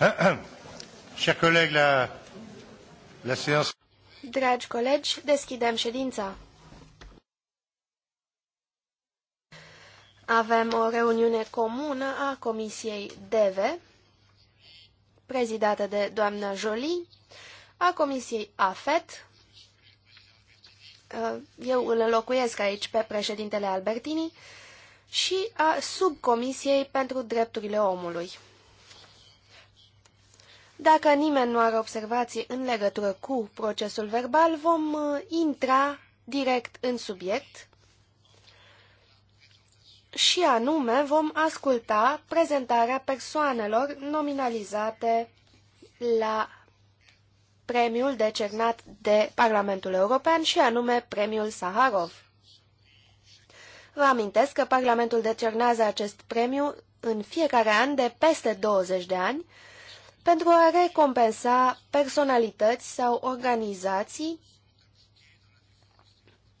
Chers collègues, la, la séance... Dragi colegi, deschidem ședința. Avem o reuniune comună a Comisiei DEVE, prezidată de doamna Jolie, a Comisiei AFET. Eu îl înlocuiesc aici pe președintele Albertini și a Subcomisiei pentru Drepturile Omului. Dacă nimeni nu are observații în legătură cu procesul verbal, vom uh, intra direct în subiect și anume vom asculta prezentarea persoanelor nominalizate la premiul decernat de Parlamentul European și anume premiul Saharov. Vă amintesc că Parlamentul decernează acest premiu în fiecare an de peste 20 de ani pentru a recompensa personalități sau organizații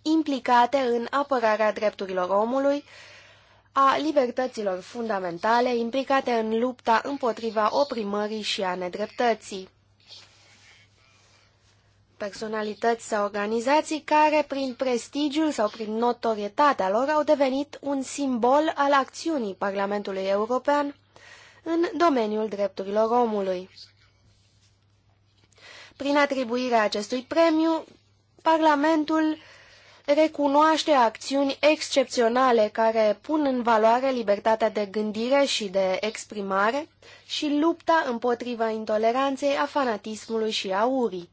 implicate în apărarea drepturilor omului, a libertăților fundamentale implicate în lupta împotriva oprimării și a nedreptății. Personalități sau organizații care, prin prestigiul sau prin notorietatea lor, au devenit un simbol al acțiunii Parlamentului European în domeniul drepturilor omului. Prin atribuirea acestui premiu, Parlamentul recunoaște acțiuni excepționale care pun în valoare libertatea de gândire și de exprimare și lupta împotriva intoleranței, a fanatismului și a urii.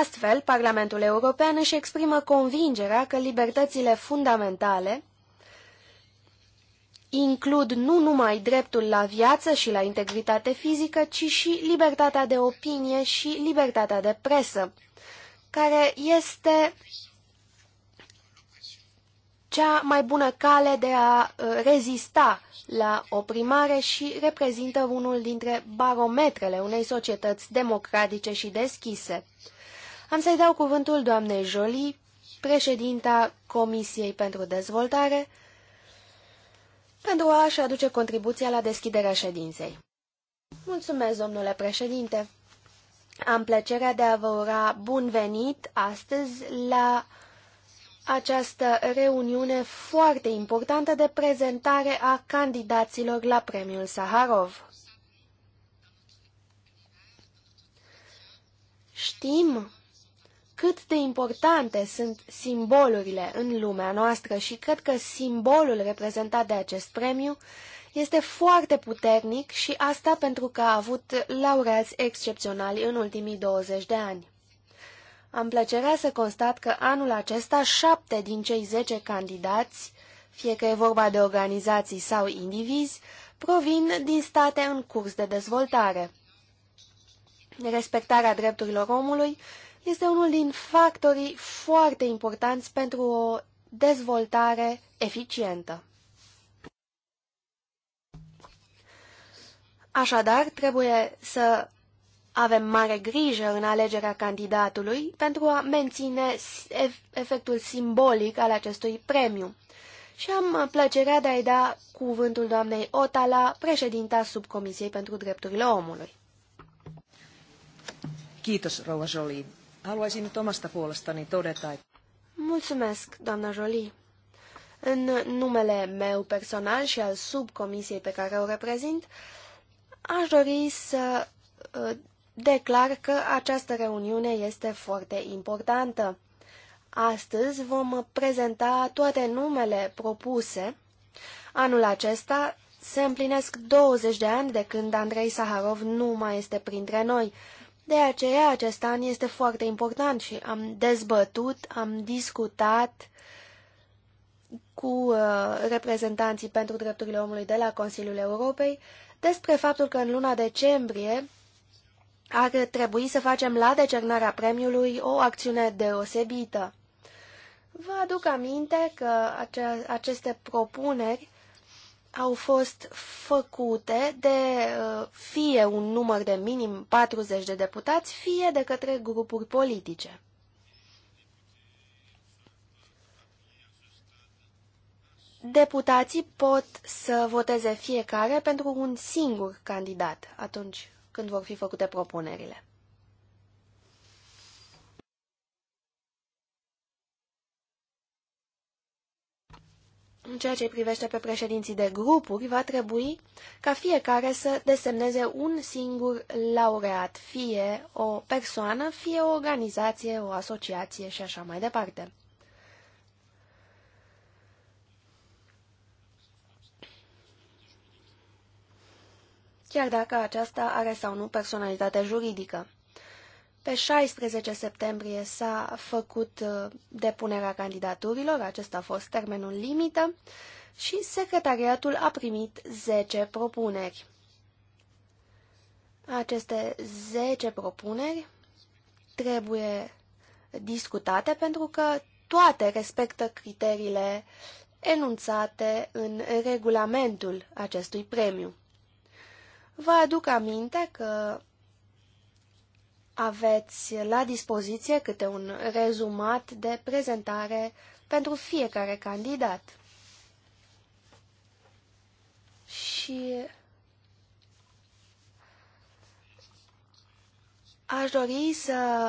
Astfel, Parlamentul European își exprimă convingerea că libertățile fundamentale includ nu numai dreptul la viață și la integritate fizică, ci și libertatea de opinie și libertatea de presă, care este cea mai bună cale de a uh, rezista la oprimare și reprezintă unul dintre barometrele unei societăți democratice și deschise. Am să-i dau cuvântul doamnei Jolie, președinta Comisiei pentru Dezvoltare, pentru a-și aduce contribuția la deschiderea ședinței. Mulțumesc, domnule președinte! Am plăcerea de a vă ura bun venit astăzi la această reuniune foarte importantă de prezentare a candidaților la premiul Saharov. Știm cât de importante sunt simbolurile în lumea noastră și cred că simbolul reprezentat de acest premiu este foarte puternic și asta pentru că a avut laureați excepționali în ultimii 20 de ani. Am plăcerea să constat că anul acesta șapte din cei zece candidați, fie că e vorba de organizații sau indivizi, provin din state în curs de dezvoltare. Respectarea drepturilor omului este unul din factorii foarte importanți pentru o dezvoltare eficientă. Așadar, trebuie să avem mare grijă în alegerea candidatului pentru a menține efectul simbolic al acestui premiu. Și am plăcerea de a-i da cuvântul doamnei Otala, președinta subcomisiei pentru drepturile omului. Kiitos, Rova Jolie. Haluaisin nyt omasta puolestani todeta, että... Mulțumesc, doamna Jolie. În numele meu personal și al subcomisiei pe care o reprezint, aș dori să ă, declar că această reuniune este foarte importantă. Astăzi vom prezenta toate numele propuse. Anul acesta se împlinesc 20 de ani de când Andrei Saharov nu mai este printre noi de aceea, acest an este foarte important și am dezbătut, am discutat cu uh, reprezentanții pentru drepturile omului de la Consiliul Europei despre faptul că în luna decembrie ar trebui să facem la decernarea premiului o acțiune deosebită. Vă aduc aminte că acea, aceste propuneri au fost făcute de uh, fie un număr de minim 40 de deputați, fie de către grupuri politice. Deputații pot să voteze fiecare pentru un singur candidat atunci când vor fi făcute propunerile. În ceea ce privește pe președinții de grupuri, va trebui ca fiecare să desemneze un singur laureat, fie o persoană, fie o organizație, o asociație și așa mai departe. Chiar dacă aceasta are sau nu personalitate juridică. Pe 16 septembrie s-a făcut uh, depunerea candidaturilor, acesta a fost termenul limită, și secretariatul a primit 10 propuneri. Aceste 10 propuneri trebuie discutate pentru că toate respectă criteriile enunțate în regulamentul acestui premiu. Vă aduc aminte că aveți la dispoziție câte un rezumat de prezentare pentru fiecare candidat. Și aș dori să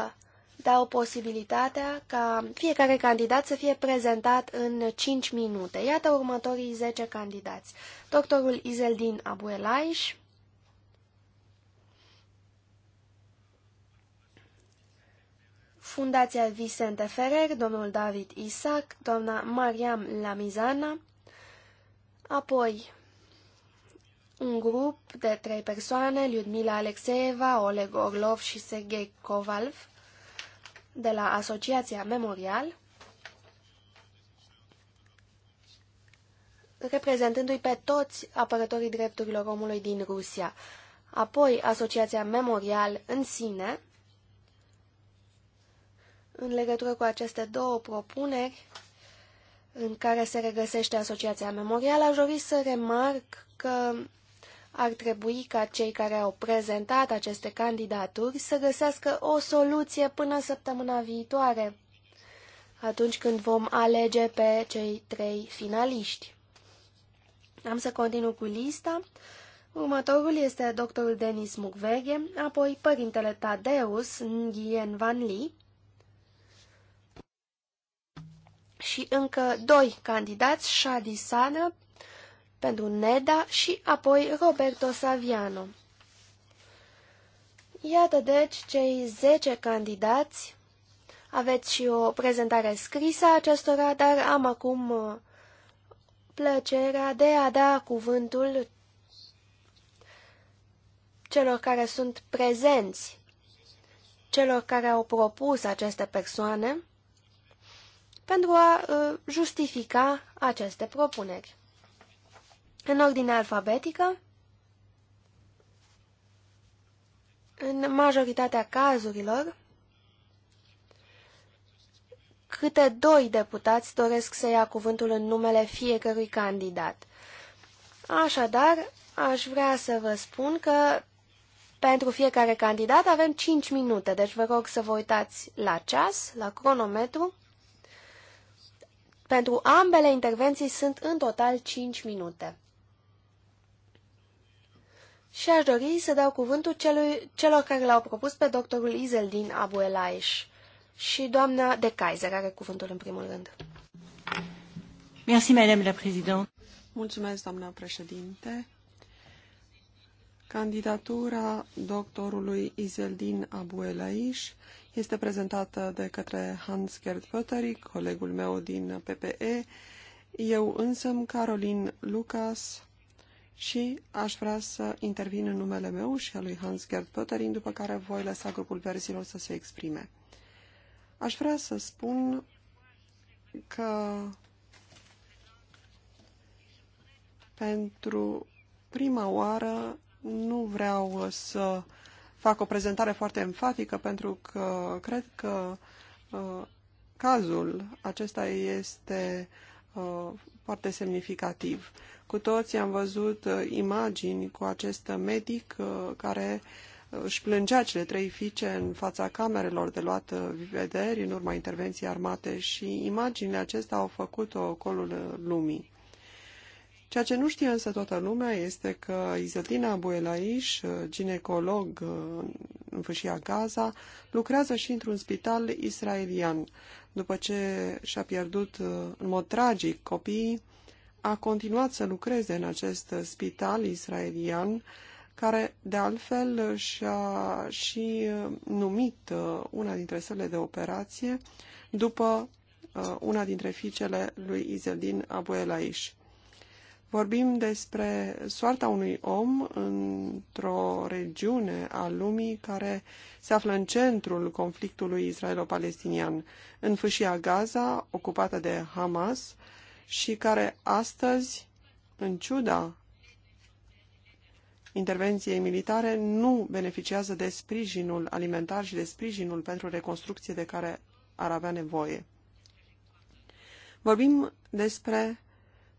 dau posibilitatea ca fiecare candidat să fie prezentat în 5 minute. Iată următorii 10 candidați. Doctorul Izeldin Abuelaiș, Fundația Vicente Ferrer, domnul David Isaac, doamna Mariam Lamizana, apoi un grup de trei persoane, Lyudmila Alexeeva, Oleg Orlov și Sergei Kovalv, de la Asociația Memorial, reprezentându-i pe toți apărătorii drepturilor omului din Rusia. Apoi, Asociația Memorial în sine, în legătură cu aceste două propuneri în care se regăsește Asociația memorială, aș dori să remarc că ar trebui ca cei care au prezentat aceste candidaturi să găsească o soluție până săptămâna viitoare, atunci când vom alege pe cei trei finaliști. Am să continu cu lista. Următorul este doctorul Denis Mukwege, apoi părintele Tadeus Nguyen Van Lee, și încă doi candidați, Shadi Sana pentru Neda și apoi Roberto Saviano. Iată deci cei 10 candidați. Aveți și o prezentare scrisă acestora, dar am acum uh, plăcerea de a da cuvântul celor care sunt prezenți, celor care au propus aceste persoane pentru a uh, justifica aceste propuneri. În ordine alfabetică, în majoritatea cazurilor, câte doi deputați doresc să ia cuvântul în numele fiecărui candidat. Așadar, aș vrea să vă spun că pentru fiecare candidat avem 5 minute, deci vă rog să vă uitați la ceas, la cronometru, pentru ambele intervenții sunt în total 5 minute. Și aș dori să dau cuvântul celui, celor care l-au propus pe doctorul Izeldin Abuelaiș și doamna de Kaiser are cuvântul în primul rând. Merci, madame la présidente. Mulțumesc, doamna președinte. Candidatura doctorului Izeldin Abuelaiș este prezentată de către Hans-Gerd Pöttering, colegul meu din PPE, eu însă, Carolin Lucas, și aș vrea să intervin în numele meu și al lui Hans-Gerd Pöttering, după care voi lăsa grupul versilor să se exprime. Aș vrea să spun că pentru prima oară nu vreau să fac o prezentare foarte enfatică pentru că cred că uh, cazul acesta este uh, foarte semnificativ. Cu toții am văzut uh, imagini cu acest medic uh, care uh, își plângea cele trei fice în fața camerelor de luat vederi în urma intervenției armate și imaginile acestea au făcut ocolul lumii. Ceea ce nu știe însă toată lumea este că Izetina Buelaiș, ginecolog uh, în fâșia Gaza, lucrează și într-un spital israelian. După ce și-a pierdut uh, în mod tragic copiii, a continuat să lucreze în acest spital israelian, care de altfel și-a și uh, numit una dintre sălile de operație după una dintre fiicele lui Izeldin Abuelaiș. Vorbim despre soarta unui om într-o regiune a lumii care se află în centrul conflictului israelo-palestinian, în fâșia Gaza, ocupată de Hamas, și care astăzi, în ciuda intervenției militare, nu beneficiază de sprijinul alimentar și de sprijinul pentru reconstrucție de care ar avea nevoie. Vorbim despre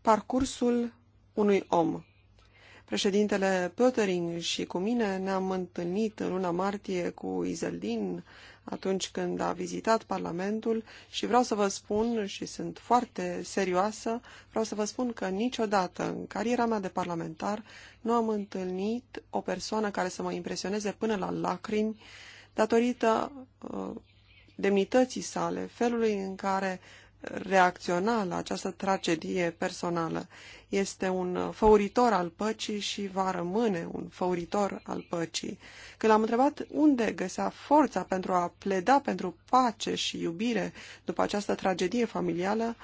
parcursul unui om. Președintele Pöttering și cu mine ne-am întâlnit în luna martie cu Izeldin atunci când a vizitat Parlamentul și vreau să vă spun, și sunt foarte serioasă, vreau să vă spun că niciodată în cariera mea de parlamentar nu am întâlnit o persoană care să mă impresioneze până la lacrimi datorită uh, demnității sale, felului în care reacționa la această tragedie personală. Este un făuritor al păcii și va rămâne un făuritor al păcii. Când l-am întrebat unde găsea forța pentru a pleda pentru pace și iubire după această tragedie familială,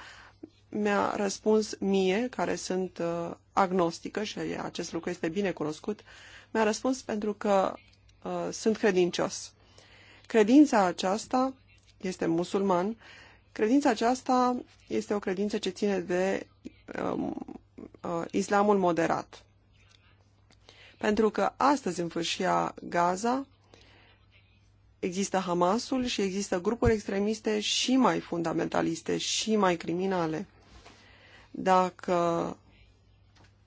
mi-a răspuns mie, care sunt uh, agnostică și acest lucru este bine cunoscut, mi-a răspuns pentru că uh, sunt credincios. Credința aceasta este musulman, Credința aceasta este o credință ce ține de um, uh, islamul moderat. Pentru că astăzi în fâșia Gaza există Hamasul și există grupuri extremiste și mai fundamentaliste și mai criminale. Dacă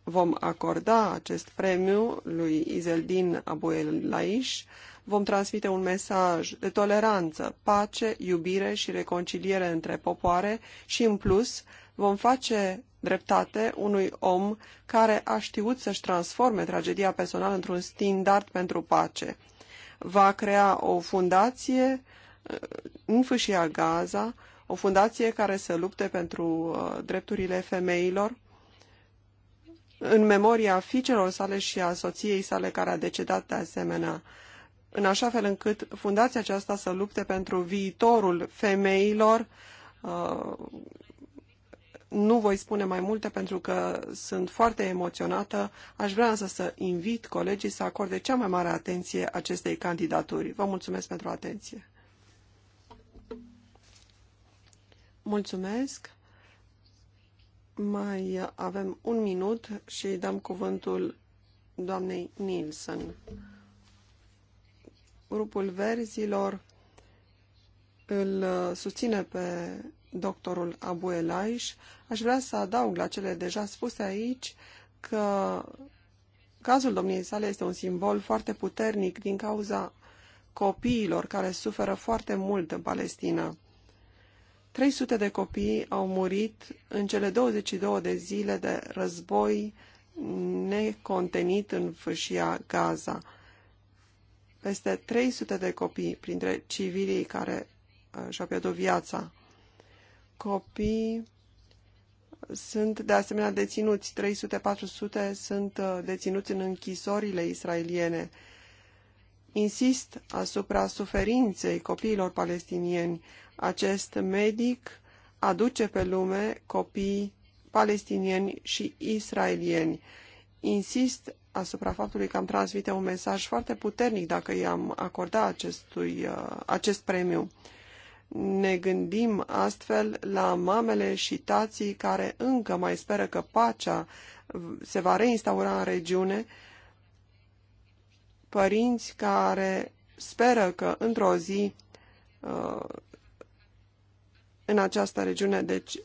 vom acorda acest premiu lui Izeldin Abuelaish, vom transmite un mesaj de toleranță, pace, iubire și reconciliere între popoare și, în plus, vom face dreptate unui om care a știut să-și transforme tragedia personală într-un standard pentru pace. Va crea o fundație uh, în fâșia Gaza, o fundație care să lupte pentru uh, drepturile femeilor, în memoria fiicelor sale și a soției sale care a decedat de asemenea în așa fel încât fundația aceasta să lupte pentru viitorul femeilor. Uh, nu voi spune mai multe pentru că sunt foarte emoționată. Aș vrea însă să invit colegii să acorde cea mai mare atenție acestei candidaturi. Vă mulțumesc pentru atenție. Mulțumesc. Mai avem un minut și dăm cuvântul doamnei Nielsen grupul verzilor îl uh, susține pe doctorul Abu Elaiș. Aș vrea să adaug la cele deja spuse aici că cazul domniei sale este un simbol foarte puternic din cauza copiilor care suferă foarte mult în Palestina. 300 de copii au murit în cele 22 de zile de război necontenit în fâșia Gaza peste 300 de copii printre civilii care uh, și-au pierdut viața. Copii sunt de asemenea deținuți, 300-400 sunt uh, deținuți în închisorile israeliene. Insist asupra suferinței copiilor palestinieni. Acest medic aduce pe lume copii palestinieni și israelieni. Insist asupra faptului că am transmite un mesaj foarte puternic dacă i-am acorda acestui, uh, acest premiu. Ne gândim astfel la mamele și tații care încă mai speră că pacea se va reinstaura în regiune, părinți care speră că într-o zi uh, în această regiune deci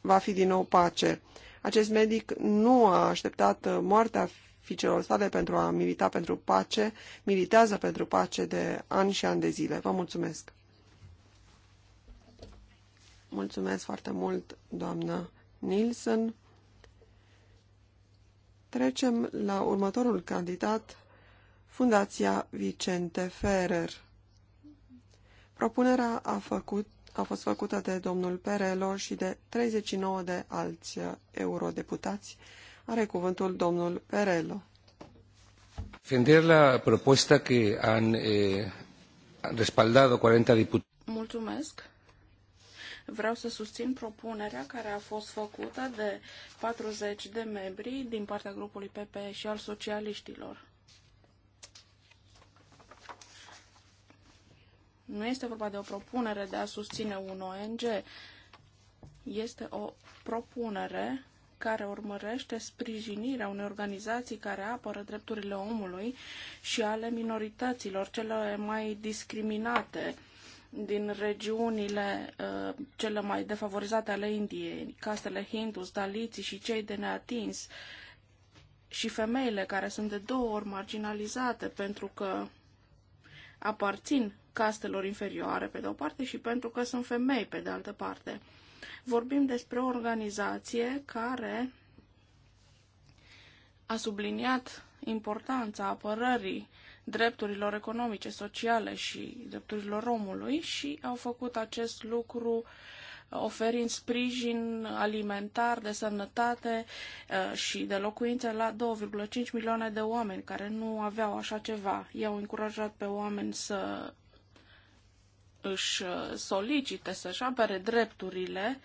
va fi din nou pace. Acest medic nu a așteptat uh, moartea fiicelor sale pentru a milita pentru pace, militează pentru pace de ani și ani de zile. Vă mulțumesc! Mulțumesc foarte mult, doamnă Nilsson. Trecem la următorul candidat, Fundația Vicente Ferrer. Propunerea a făcut a fost făcută de domnul Perelor și de 39 de alți uh, eurodeputați. Are cuvântul domnul Perelo. Defender la propuesta que han eh, respaldado 40 diputados. Mulțumesc. Vreau să susțin propunerea care a fost făcută de 40 de membri din partea grupului PP și al socialiștilor. Nu este vorba de o propunere de a susține un ONG. Este o propunere care urmărește sprijinirea unei organizații care apără drepturile omului și ale minorităților cele mai discriminate din regiunile uh, cele mai defavorizate ale Indiei, castele hindus, daliții și cei de neatins și femeile care sunt de două ori marginalizate pentru că aparțin castelor inferioare pe de o parte și pentru că sunt femei pe de altă parte. Vorbim despre o organizație care a subliniat importanța apărării drepturilor economice, sociale și drepturilor omului și au făcut acest lucru oferind sprijin alimentar, de sănătate uh, și de locuințe la 2,5 milioane de oameni care nu aveau așa ceva. I-au încurajat pe oameni să își uh, solicite, să-și apere drepturile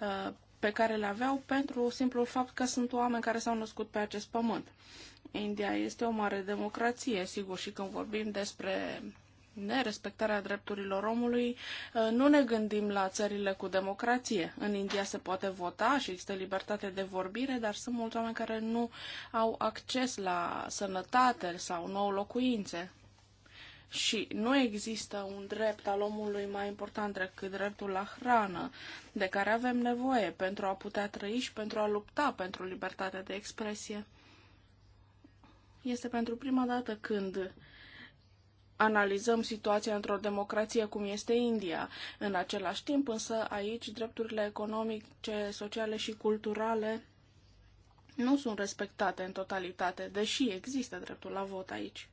uh, pe care le aveau pentru simplul fapt că sunt oameni care s-au născut pe acest pământ. India este o mare democrație, sigur, și când vorbim despre nerespectarea drepturilor omului, uh, nu ne gândim la țările cu democrație. În India se poate vota și există libertate de vorbire, dar sunt mulți oameni care nu au acces la sănătate sau nou locuințe. Și nu există un drept al omului mai important decât dreptul la hrană, de care avem nevoie pentru a putea trăi și pentru a lupta pentru libertatea de expresie. Este pentru prima dată când analizăm situația într-o democrație cum este India. În același timp, însă, aici drepturile economice, sociale și culturale nu sunt respectate în totalitate, deși există dreptul la vot aici.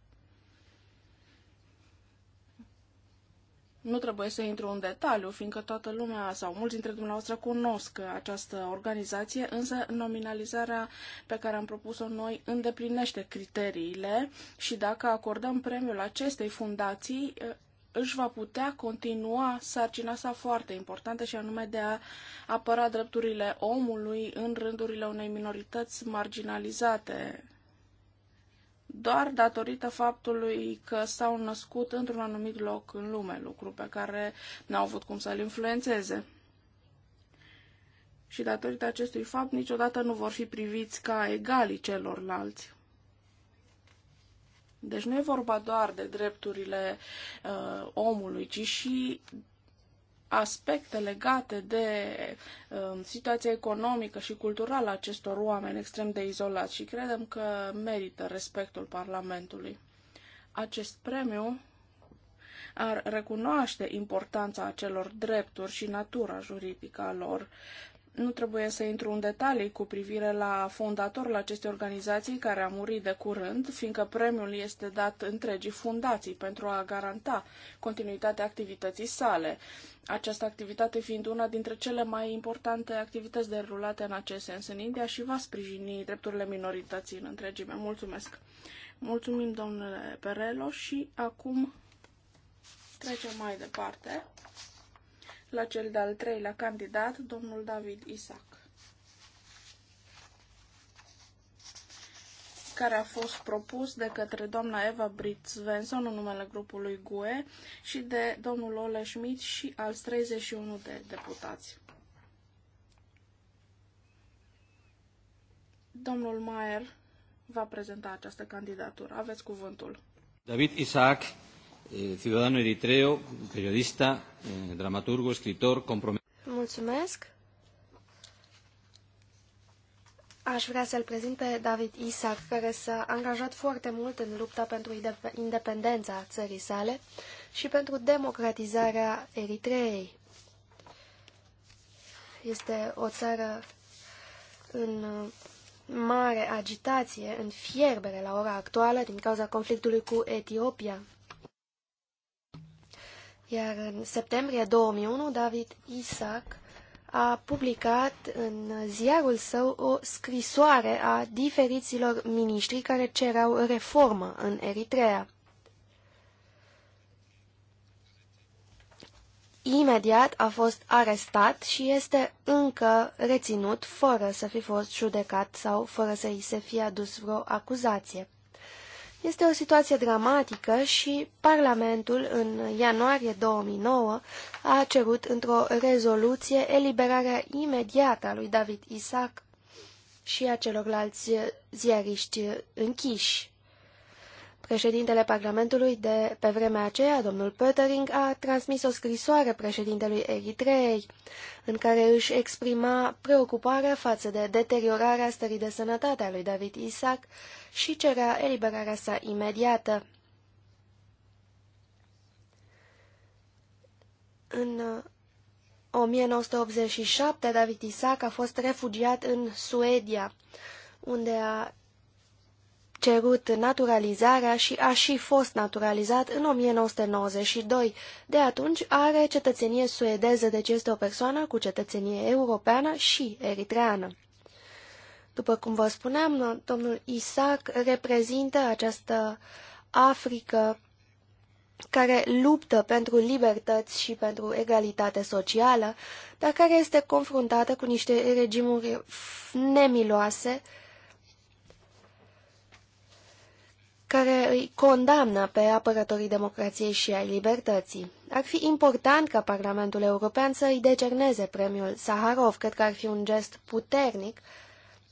Nu trebuie să intru în detaliu, fiindcă toată lumea sau mulți dintre dumneavoastră cunosc această organizație, însă nominalizarea pe care am propus-o noi îndeplinește criteriile și dacă acordăm premiul acestei fundații, își va putea continua sarcina sa foarte importantă și anume de a apăra drepturile omului în rândurile unei minorități marginalizate doar datorită faptului că s-au născut într-un anumit loc în lume, lucru pe care n-au avut cum să-l influențeze. Și datorită acestui fapt, niciodată nu vor fi priviți ca egalii celorlalți. Deci nu e vorba doar de drepturile uh, omului, ci și aspecte legate de um, situația economică și culturală a acestor oameni extrem de izolați și credem că merită respectul Parlamentului. Acest premiu ar recunoaște importanța acelor drepturi și natura juridică a lor. Nu trebuie să intru în detalii cu privire la fondatorul acestei organizații care a murit de curând, fiindcă premiul este dat întregii fundații pentru a garanta continuitatea activității sale, această activitate fiind una dintre cele mai importante activități derulate în acest sens în India și va sprijini drepturile minorității în întregime. Mulțumesc! Mulțumim, domnule Perelo, și acum trecem mai departe la cel de-al treilea candidat, domnul David Isaac, care a fost propus de către doamna Eva Britz Svensson în numele grupului GUE și de domnul Ole Schmidt și al 31 de deputați. Domnul Maier va prezenta această candidatură. Aveți cuvântul. David Isaac eh, ciudadano eritreo, periodista, eh, dramaturgo, escritor, comprometido. Mulțumesc. Aș vrea să-l prezint pe David Isaac, care s-a angajat foarte mult în lupta pentru independența țării sale și pentru democratizarea Eritreei. Este o țară în mare agitație, în fierbere la ora actuală din cauza conflictului cu Etiopia. Iar în septembrie 2001, David Isaac a publicat în ziarul său o scrisoare a diferiților miniștri care cereau reformă în Eritrea. Imediat a fost arestat și este încă reținut fără să fi fost judecat sau fără să îi se fie adus vreo acuzație. Este o situație dramatică și Parlamentul, în ianuarie 2009, a cerut într-o rezoluție eliberarea imediată a lui David Isaac și a celorlalți ziariști închiși. Președintele Parlamentului de pe vremea aceea, domnul Pöttering, a transmis o scrisoare președintelui Eritreei, în care își exprima preocuparea față de deteriorarea stării de sănătate a lui David Isaac și cerea eliberarea sa imediată. În 1987, uh, David Isaac a fost refugiat în Suedia, unde a cerut naturalizarea și a și fost naturalizat în 1992. De atunci are cetățenie suedeză, deci este o persoană cu cetățenie europeană și eritreană. După cum vă spuneam, domnul Isaac reprezintă această Africă care luptă pentru libertăți și pentru egalitate socială, dar care este confruntată cu niște regimuri nemiloase care îi condamnă pe apărătorii democrației și ai libertății. Ar fi important ca Parlamentul European să îi decerneze premiul Saharov, cred că ar fi un gest puternic,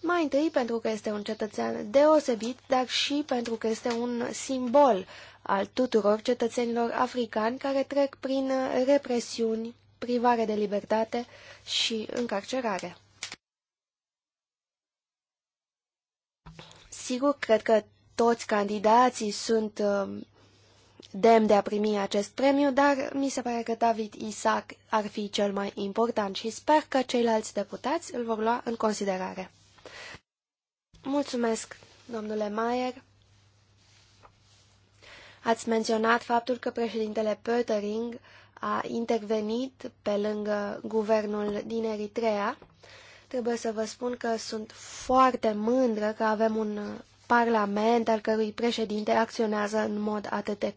mai întâi pentru că este un cetățean deosebit, dar și pentru că este un simbol al tuturor cetățenilor africani care trec prin represiuni, privare de libertate și încarcerare. Sigur, cred că toți candidații sunt um, demn de a primi acest premiu, dar mi se pare că David Isaac ar fi cel mai important și sper că ceilalți deputați îl vor lua în considerare. Mulțumesc, domnule Mayer. Ați menționat faptul că președintele Pöttering a intervenit pe lângă guvernul din Eritrea. Trebuie să vă spun că sunt foarte mândră că avem un Parlament, al cărui președinte acționează în mod atât de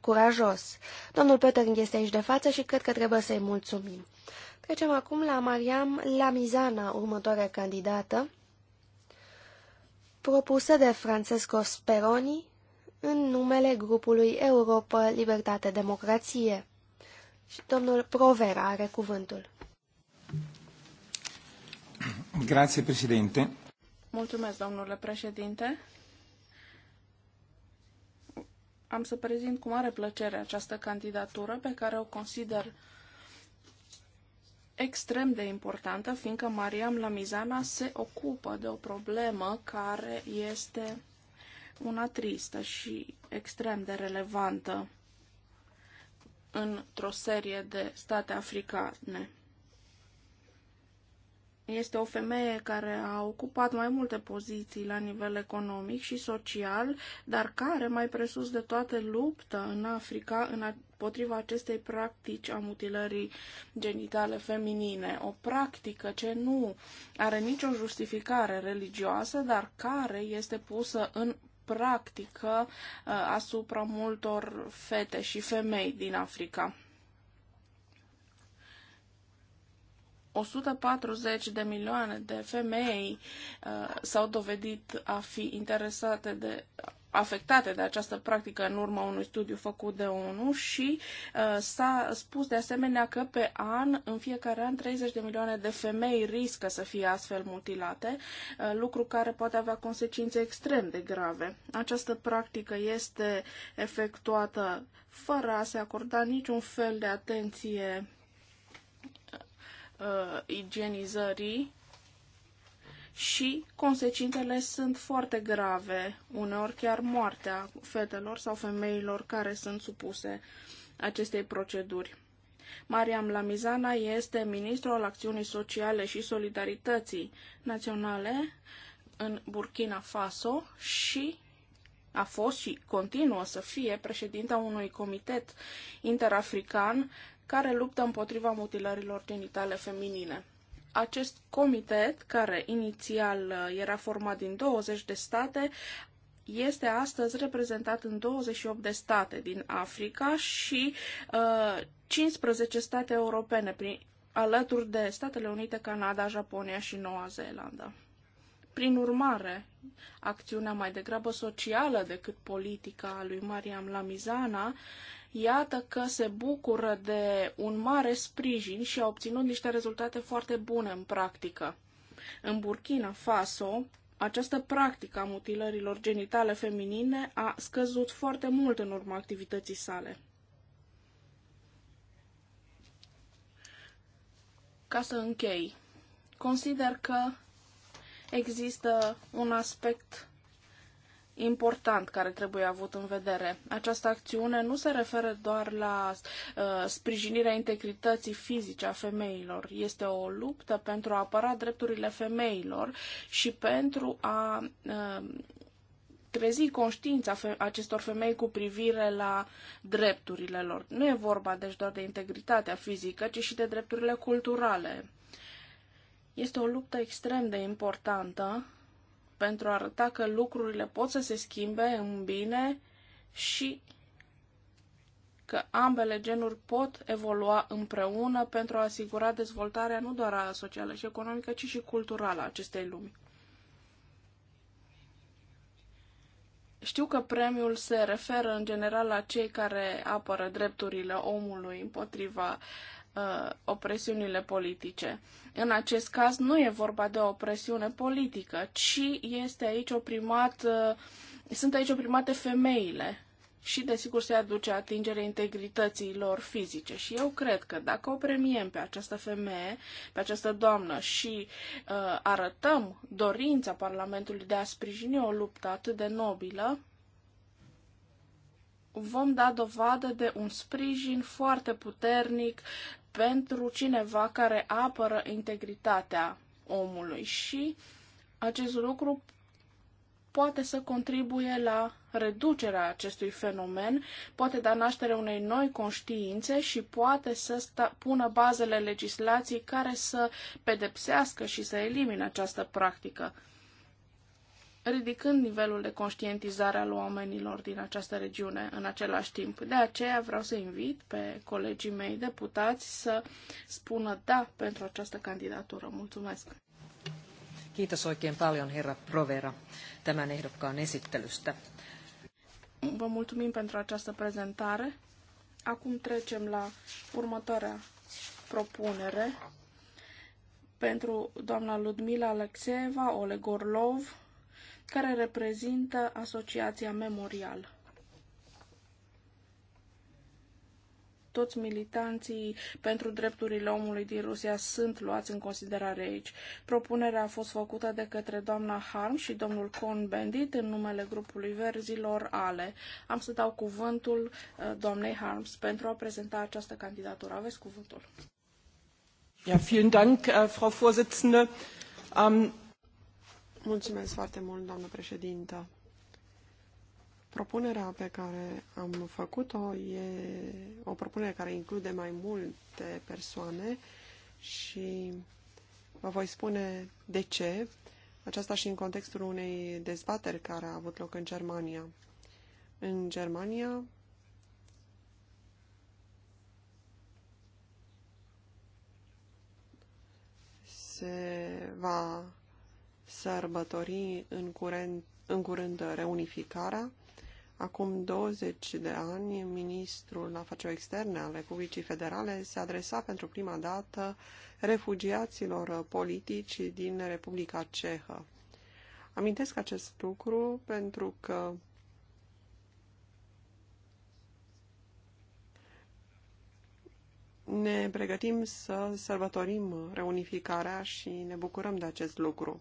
curajos. Domnul Petering este aici de față și cred că trebuie să-i mulțumim. Trecem acum la Mariam Lamizana, următoarea candidată, propusă de Francesco Speroni în numele grupului Europa Libertate Democrație. Și domnul Provera are cuvântul. Grazie, președinte. Mulțumesc, domnule președinte. Am să prezint cu mare plăcere această candidatură pe care o consider extrem de importantă, fiindcă Mariam Lamizana se ocupă de o problemă care este una tristă și extrem de relevantă într-o serie de state africane. Este o femeie care a ocupat mai multe poziții la nivel economic și social, dar care, mai presus de toate, luptă în Africa în potriva acestei practici a mutilării genitale feminine. O practică ce nu are nicio justificare religioasă, dar care este pusă în practică uh, asupra multor fete și femei din Africa. 140 de milioane de femei uh, s-au dovedit a fi interesate de afectate de această practică în urma unui studiu făcut de ONU și uh, s-a spus de asemenea că pe an, în fiecare an, 30 de milioane de femei riscă să fie astfel mutilate, uh, lucru care poate avea consecințe extrem de grave. Această practică este efectuată fără a se acorda niciun fel de atenție uh, igienizării și consecințele sunt foarte grave, uneori chiar moartea fetelor sau femeilor care sunt supuse acestei proceduri. Mariam Lamizana este ministru al acțiunii sociale și solidarității naționale în Burkina Faso și a fost și continuă să fie președinta unui comitet interafrican care luptă împotriva mutilărilor genitale feminine. Acest comitet, care inițial uh, era format din 20 de state, este astăzi reprezentat în 28 de state din Africa și uh, 15 state europene, prin, alături de Statele Unite, Canada, Japonia și Noua Zeelandă. Prin urmare, acțiunea mai degrabă socială decât politică a lui Mariam Lamizana iată că se bucură de un mare sprijin și a obținut niște rezultate foarte bune în practică. În Burkina Faso, această practică a mutilărilor genitale feminine a scăzut foarte mult în urma activității sale. Ca să închei, consider că există un aspect important care trebuie avut în vedere. Această acțiune nu se referă doar la uh, sprijinirea integrității fizice a femeilor. Este o luptă pentru a apăra drepturile femeilor și pentru a uh, trezi conștiința fe- acestor femei cu privire la drepturile lor. Nu e vorba deci doar de integritatea fizică, ci și de drepturile culturale. Este o luptă extrem de importantă pentru a arăta că lucrurile pot să se schimbe în bine și că ambele genuri pot evolua împreună pentru a asigura dezvoltarea nu doar a socială și economică, ci și culturală a acestei lumi. Știu că premiul se referă în general la cei care apără drepturile omului împotriva uh, uh, opresiunile politice. În acest caz nu e vorba de o opresiune politică, ci este aici oprimat, uh, sunt aici oprimate femeile și desigur se aduce atingere integrității lor fizice. Și eu cred că dacă o premiem pe această femeie, pe această doamnă și uh, arătăm dorința Parlamentului de a sprijini o luptă atât de nobilă, vom da dovadă de un sprijin foarte puternic pentru cineva care apără integritatea omului și acest lucru poate să contribuie la reducerea acestui fenomen, poate da naștere unei noi conștiințe și poate să sta- pună bazele legislației care să pedepsească și să elimine această practică ridicând nivelul de conștientizare al oamenilor din această regiune în același timp. De aceea vreau să invit pe colegii mei deputați să spună da pentru această candidatură. Mulțumesc! Kiitos oikein paljon, herra Provera, tämän ehdokkaan esittelystä. Vă mulțumim pentru această prezentare. Acum trecem la următoarea propunere pentru doamna Ludmila Alexeva, Oleg Orlov, care reprezintă Asociația Memorial. toți militanții pentru drepturile omului din Rusia sunt luați în considerare aici. Propunerea a fost făcută de către doamna Harm și domnul Con Bendit în numele grupului Verzilor Ale. Am să dau cuvântul uh, doamnei Harms pentru a prezenta această candidatură. Aveți cuvântul. Ja, vielen Dank, uh, Frau Vorsitzende. Um, Mulțumesc foarte mult, doamnă președintă. Propunerea pe care am făcut-o e o propunere care include mai multe persoane și vă voi spune de ce. Aceasta și în contextul unei dezbateri care a avut loc în Germania. În Germania, se va sărbători în, curând, în curând reunificarea. Acum 20 de ani, ministrul afacerilor externe al Republicii Federale se adresa pentru prima dată refugiaților politici din Republica Cehă. Amintesc acest lucru pentru că ne pregătim să sărbătorim reunificarea și ne bucurăm de acest lucru.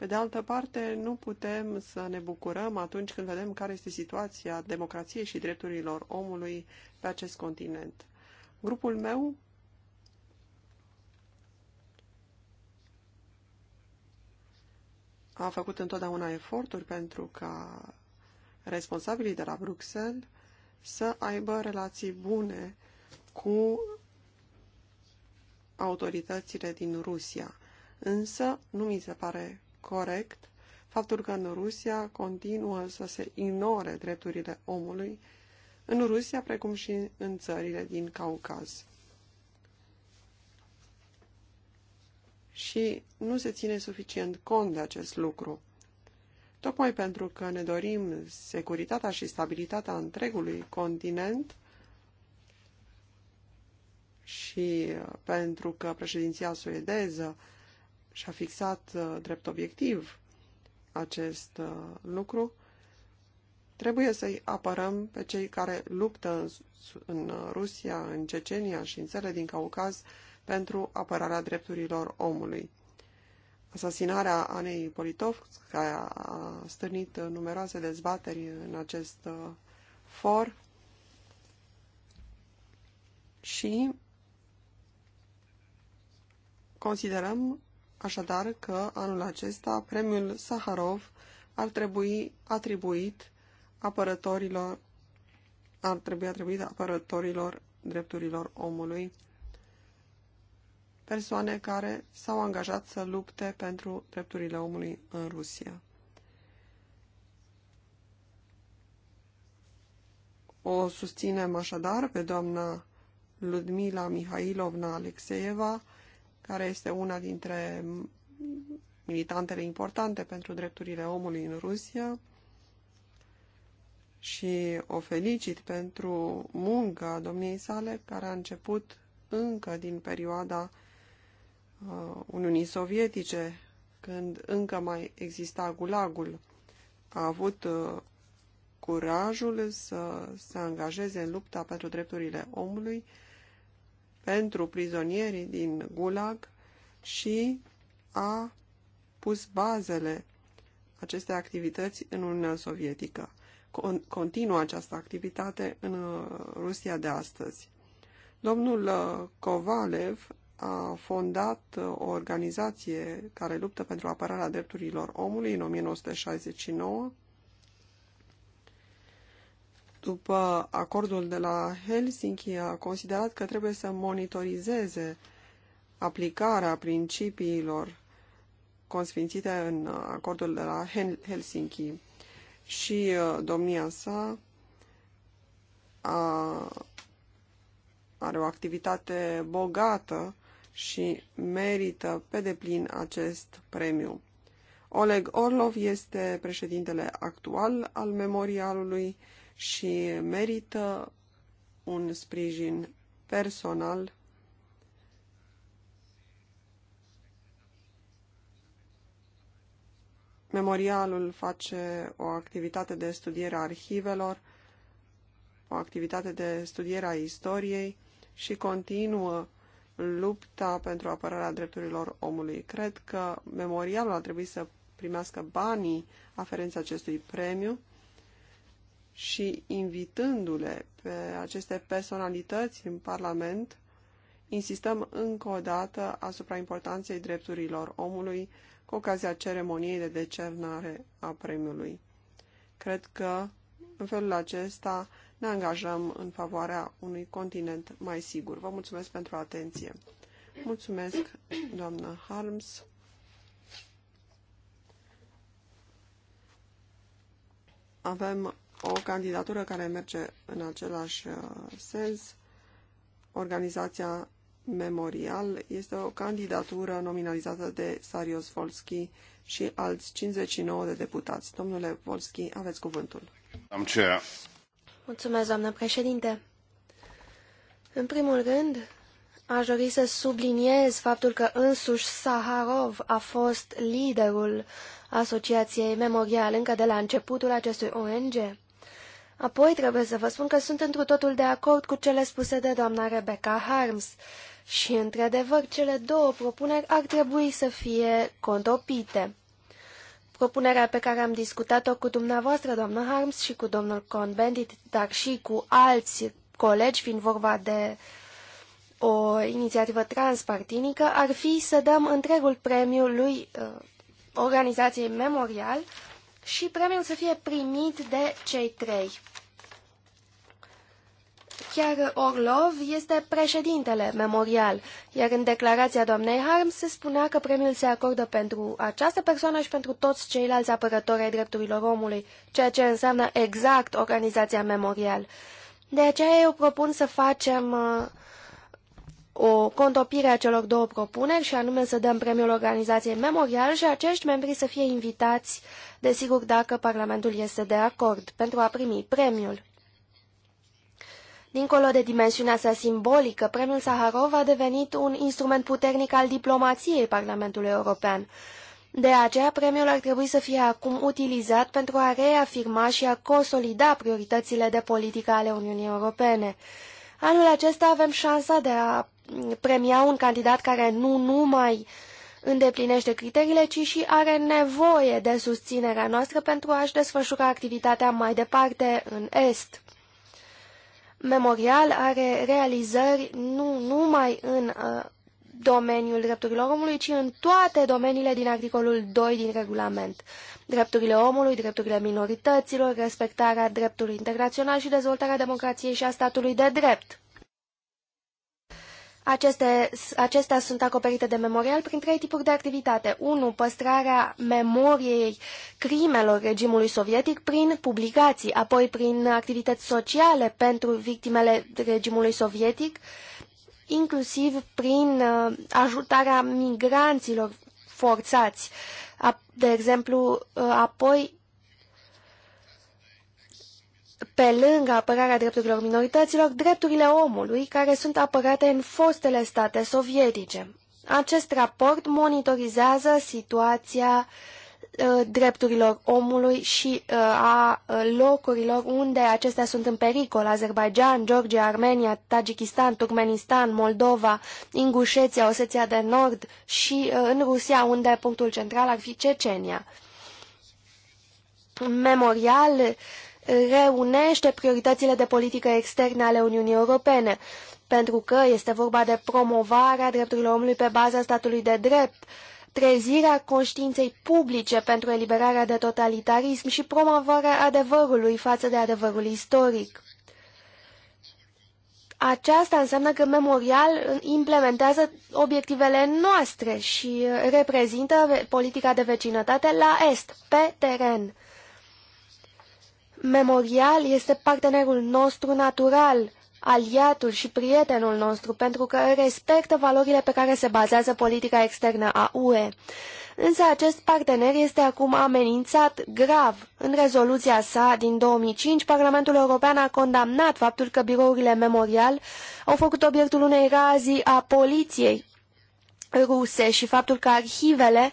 Pe de altă parte, nu putem să ne bucurăm atunci când vedem care este situația democrației și drepturilor omului pe acest continent. Grupul meu a făcut întotdeauna eforturi pentru ca responsabilii de la Bruxelles să aibă relații bune cu autoritățile din Rusia. Însă nu mi se pare corect faptul că în Rusia continuă să se ignore drepturile omului, în Rusia precum și în țările din Caucaz. Și nu se ține suficient cont de acest lucru. Tocmai pentru că ne dorim securitatea și stabilitatea întregului continent și pentru că președinția suedeză și-a fixat uh, drept obiectiv acest uh, lucru, trebuie să-i apărăm pe cei care luptă în uh, Rusia, în Cecenia și în țările din Caucaz pentru apărarea drepturilor omului. Asasinarea Anei care a stârnit numeroase dezbateri în acest for și considerăm așadar că anul acesta premiul Saharov ar trebui atribuit apărătorilor ar trebui atribuit apărătorilor drepturilor omului, persoane care s-au angajat să lupte pentru drepturile omului în Rusia. O susținem așadar pe doamna Ludmila Mihailovna Alexeeva, care este una dintre militantele importante pentru drepturile omului în Rusia și o felicit pentru munca domniei sale, care a început încă din perioada uh, Uniunii Sovietice, când încă mai exista gulagul. A avut uh, curajul să se angajeze în lupta pentru drepturile omului pentru prizonierii din Gulag și a pus bazele acestei activități în Uniunea Sovietică. Con continuă această activitate în uh, Rusia de astăzi. Domnul uh, Kovalev a fondat uh, o organizație care luptă pentru apărarea drepturilor omului în 1969 după acordul de la Helsinki, a considerat că trebuie să monitorizeze aplicarea principiilor consfințite în acordul de la Helsinki. Și uh, domnia sa a, are o activitate bogată și merită pe deplin acest premiu. Oleg Orlov este președintele actual al memorialului și merită un sprijin personal Memorialul face o activitate de studiere a arhivelor, o activitate de studiere a istoriei și continuă lupta pentru apărarea drepturilor omului. Cred că memorialul ar trebui să primească banii aferenți acestui premiu și invitându-le pe aceste personalități în Parlament, insistăm încă o dată asupra importanței drepturilor omului cu ocazia ceremoniei de decernare a premiului. Cred că, în felul acesta, ne angajăm în favoarea unui continent mai sigur. Vă mulțumesc pentru atenție. Mulțumesc, doamnă Harms. Avem o candidatură care merge în același uh, sens. Organizația Memorial este o candidatură nominalizată de Sarios Volski și alți 59 de deputați. Domnule Volski, aveți cuvântul. Am ce? Mulțumesc, doamnă președinte. În primul rând, aș dori să subliniez faptul că însuși Saharov a fost liderul Asociației Memorial încă de la începutul acestui ONG. Apoi trebuie să vă spun că sunt întru totul de acord cu cele spuse de doamna Rebecca Harms și, într-adevăr, cele două propuneri ar trebui să fie contopite. Propunerea pe care am discutat-o cu dumneavoastră, doamna Harms, și cu domnul Con bendit dar și cu alți colegi, fiind vorba de o inițiativă transpartinică, ar fi să dăm întregul premiu lui uh, organizației Memorial și premiul să fie primit de cei trei. Chiar Orlov este președintele memorial, iar în declarația doamnei Harms se spunea că premiul se acordă pentru această persoană și pentru toți ceilalți apărători ai drepturilor omului, ceea ce înseamnă exact organizația memorial. De aceea eu propun să facem uh, o contopire a celor două propuneri și anume să dăm premiul organizației Memorial și acești membri să fie invitați, desigur, dacă Parlamentul este de acord, pentru a primi premiul. Dincolo de dimensiunea sa simbolică, premiul Saharov a devenit un instrument puternic al diplomației Parlamentului European. De aceea, premiul ar trebui să fie acum utilizat pentru a reafirma și a consolida prioritățile de politică ale Uniunii Europene. Anul acesta avem șansa de a premia un candidat care nu numai îndeplinește criteriile, ci și are nevoie de susținerea noastră pentru a-și desfășura activitatea mai departe în Est. Memorial are realizări nu numai în uh, domeniul drepturilor omului, ci în toate domeniile din articolul 2 din regulament. Drepturile omului, drepturile minorităților, respectarea dreptului internațional și dezvoltarea democrației și a statului de drept. Aceste, acestea sunt acoperite de memorial prin trei tipuri de activitate. 1. Păstrarea memoriei crimelor regimului sovietic prin publicații, apoi prin activități sociale pentru victimele regimului sovietic, inclusiv prin uh, ajutarea migranților forțați, de exemplu, uh, apoi pe lângă apărarea drepturilor minorităților, drepturile omului, care sunt apărate în fostele state sovietice. Acest raport monitorizează situația uh, drepturilor omului și uh, a locurilor unde acestea sunt în pericol, Azerbaijan, Georgia, Armenia, Tajikistan, Turkmenistan, Moldova, Ingușeția, Oseția de Nord și uh, în Rusia, unde punctul central ar fi Cecenia. Memorial uh, reunește prioritățile de politică externe ale Uniunii Europene, pentru că este vorba de promovarea drepturilor omului pe baza statului de drept, trezirea conștiinței publice pentru eliberarea de totalitarism și promovarea adevărului față de adevărul istoric. Aceasta înseamnă că Memorial implementează obiectivele noastre și reprezintă politica de vecinătate la Est, pe teren. Memorial este partenerul nostru natural, aliatul și prietenul nostru, pentru că respectă valorile pe care se bazează politica externă a UE. Însă acest partener este acum amenințat grav. În rezoluția sa din 2005, Parlamentul European a condamnat faptul că birourile Memorial au făcut obiectul unei razii a poliției ruse și faptul că arhivele uh,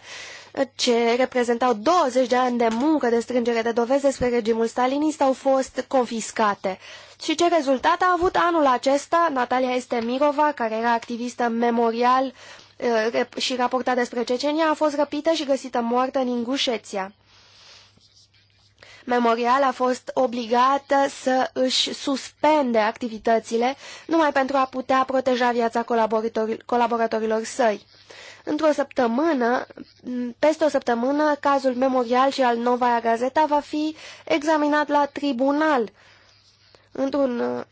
ce reprezentau 20 de ani de muncă de strângere de dovezi despre regimul stalinist au fost confiscate. Și ce rezultat a avut anul acesta? Natalia Estemirova, care era activistă memorial uh, și raporta despre Cecenia, a fost răpită și găsită moartă în Ingușeția. Memorial a fost obligată să își suspende activitățile numai pentru a putea proteja viața colaboratorilor săi. Într-o săptămână, peste o săptămână, cazul Memorial și al Novaia Gazeta va fi examinat la tribunal într-un uh,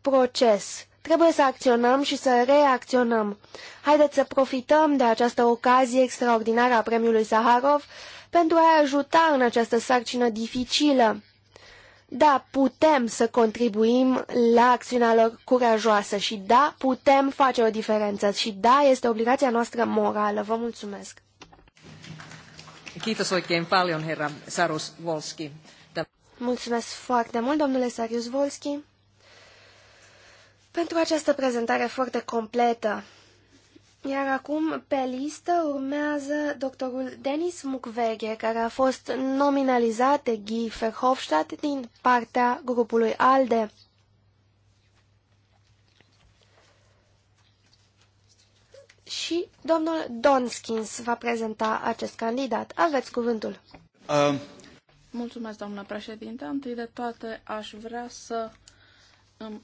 proces. Trebuie să acționăm și să reacționăm. Haideți să profităm de această ocazie extraordinară a premiului Saharov pentru a ajuta în această sarcină dificilă. Da, putem să contribuim la acțiunea lor curajoasă și da, putem face o diferență și da, este obligația noastră morală. Vă mulțumesc! Kiitos oikein paljon, herra Sarus Volski. Mulțumesc foarte mult, domnule Sarius Volski, pentru această prezentare foarte completă. Iar acum, pe listă, urmează doctorul Denis Mukwege, care a fost nominalizat de Guy Verhofstadt din partea grupului ALDE. Și domnul Donskins va prezenta acest candidat. Aveți cuvântul. Um. Mulțumesc, doamnă președinte. Întâi de toate, aș vrea să îmi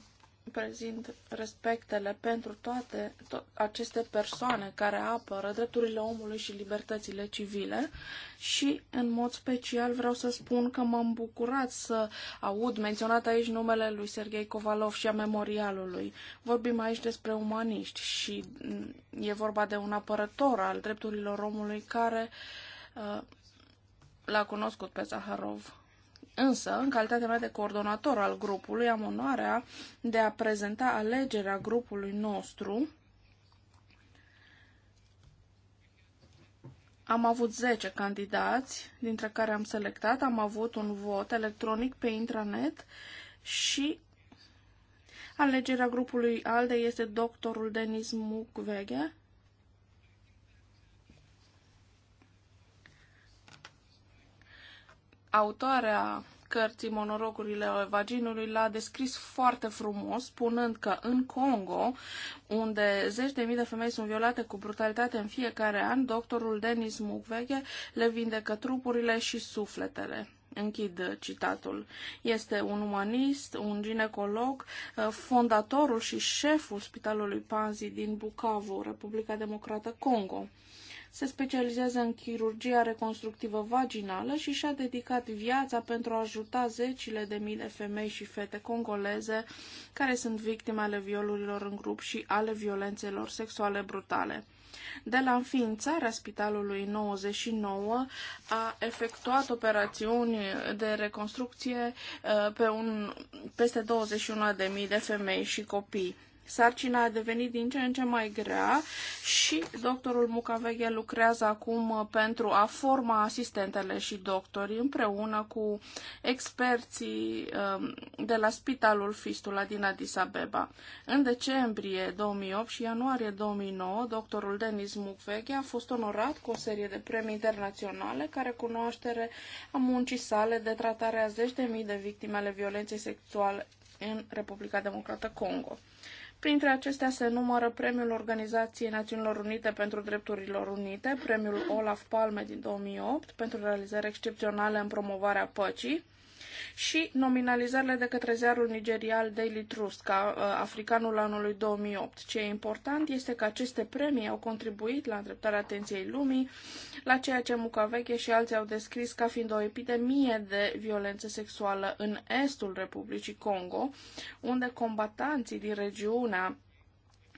prezint respectele pentru toate to- aceste persoane care apără drepturile omului și libertățile civile și, în mod special, vreau să spun că m-am bucurat să aud menționat aici numele lui Sergei Kovalov și a memorialului. Vorbim aici despre umaniști și mm, e vorba de un apărător al drepturilor omului care uh, l-a cunoscut pe Zaharov Însă, în calitatea mea de coordonator al grupului, am onoarea de a prezenta alegerea grupului nostru. Am avut 10 candidați, dintre care am selectat, am avut un vot electronic pe intranet și alegerea grupului ALDE este doctorul Denis Mukwege, autoarea cărții Monorogurile Vaginului l-a descris foarte frumos, spunând că în Congo, unde zeci de mii de femei sunt violate cu brutalitate în fiecare an, doctorul Denis Mukwege le vindecă trupurile și sufletele. Închid citatul. Este un umanist, un ginecolog, fondatorul și șeful Spitalului Panzi din Bukavu, Republica Democrată Congo se specializează în chirurgia reconstructivă vaginală și și-a dedicat viața pentru a ajuta zecile de mii de femei și fete congoleze care sunt victime ale violurilor în grup și ale violențelor sexuale brutale. De la înființarea spitalului 99 a efectuat operațiuni de reconstrucție uh, pe un, peste 21.000 de femei și copii sarcina a devenit din ce în ce mai grea și doctorul Mucaveghe lucrează acum uh, pentru a forma asistentele și doctorii împreună cu experții um, de la Spitalul Fistula din Addis Abeba. În decembrie 2008 și ianuarie 2009, doctorul Denis Mukwege a fost onorat cu o serie de premii internaționale care cunoaștere a muncii sale de tratare a zeci de mii de victime ale violenței sexuale în Republica Democrată Congo. Printre acestea se numără Premiul Organizației Națiunilor Unite pentru Drepturilor Unite, Premiul Olaf Palme din 2008 pentru realizări excepționale în promovarea păcii, și nominalizările de către ziarul nigerial Daily Trust, ca uh, africanul anului 2008. Ce e important este că aceste premii au contribuit la îndreptarea atenției lumii la ceea ce Mucaveche și alții au descris ca fiind o epidemie de violență sexuală în estul Republicii Congo, unde combatanții din regiunea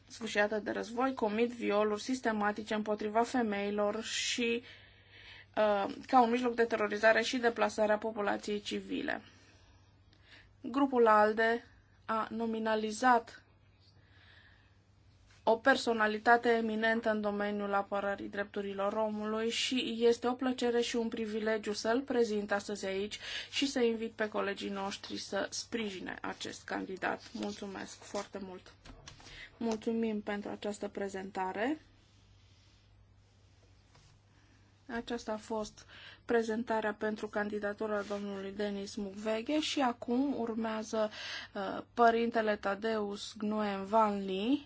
sfârșiată de război comit violuri sistematice împotriva femeilor și Uh, ca un mijloc de terorizare și deplasarea populației civile. Grupul ALDE a nominalizat o personalitate eminentă în domeniul apărării drepturilor omului și este o plăcere și un privilegiu să-l prezint astăzi aici și să invit pe colegii noștri să sprijine acest candidat. Mulțumesc foarte mult! Mulțumim pentru această prezentare. Aceasta a fost prezentarea pentru candidatura domnului Denis Mukwege și acum urmează uh, părintele Tadeus Gnoem Van Lee,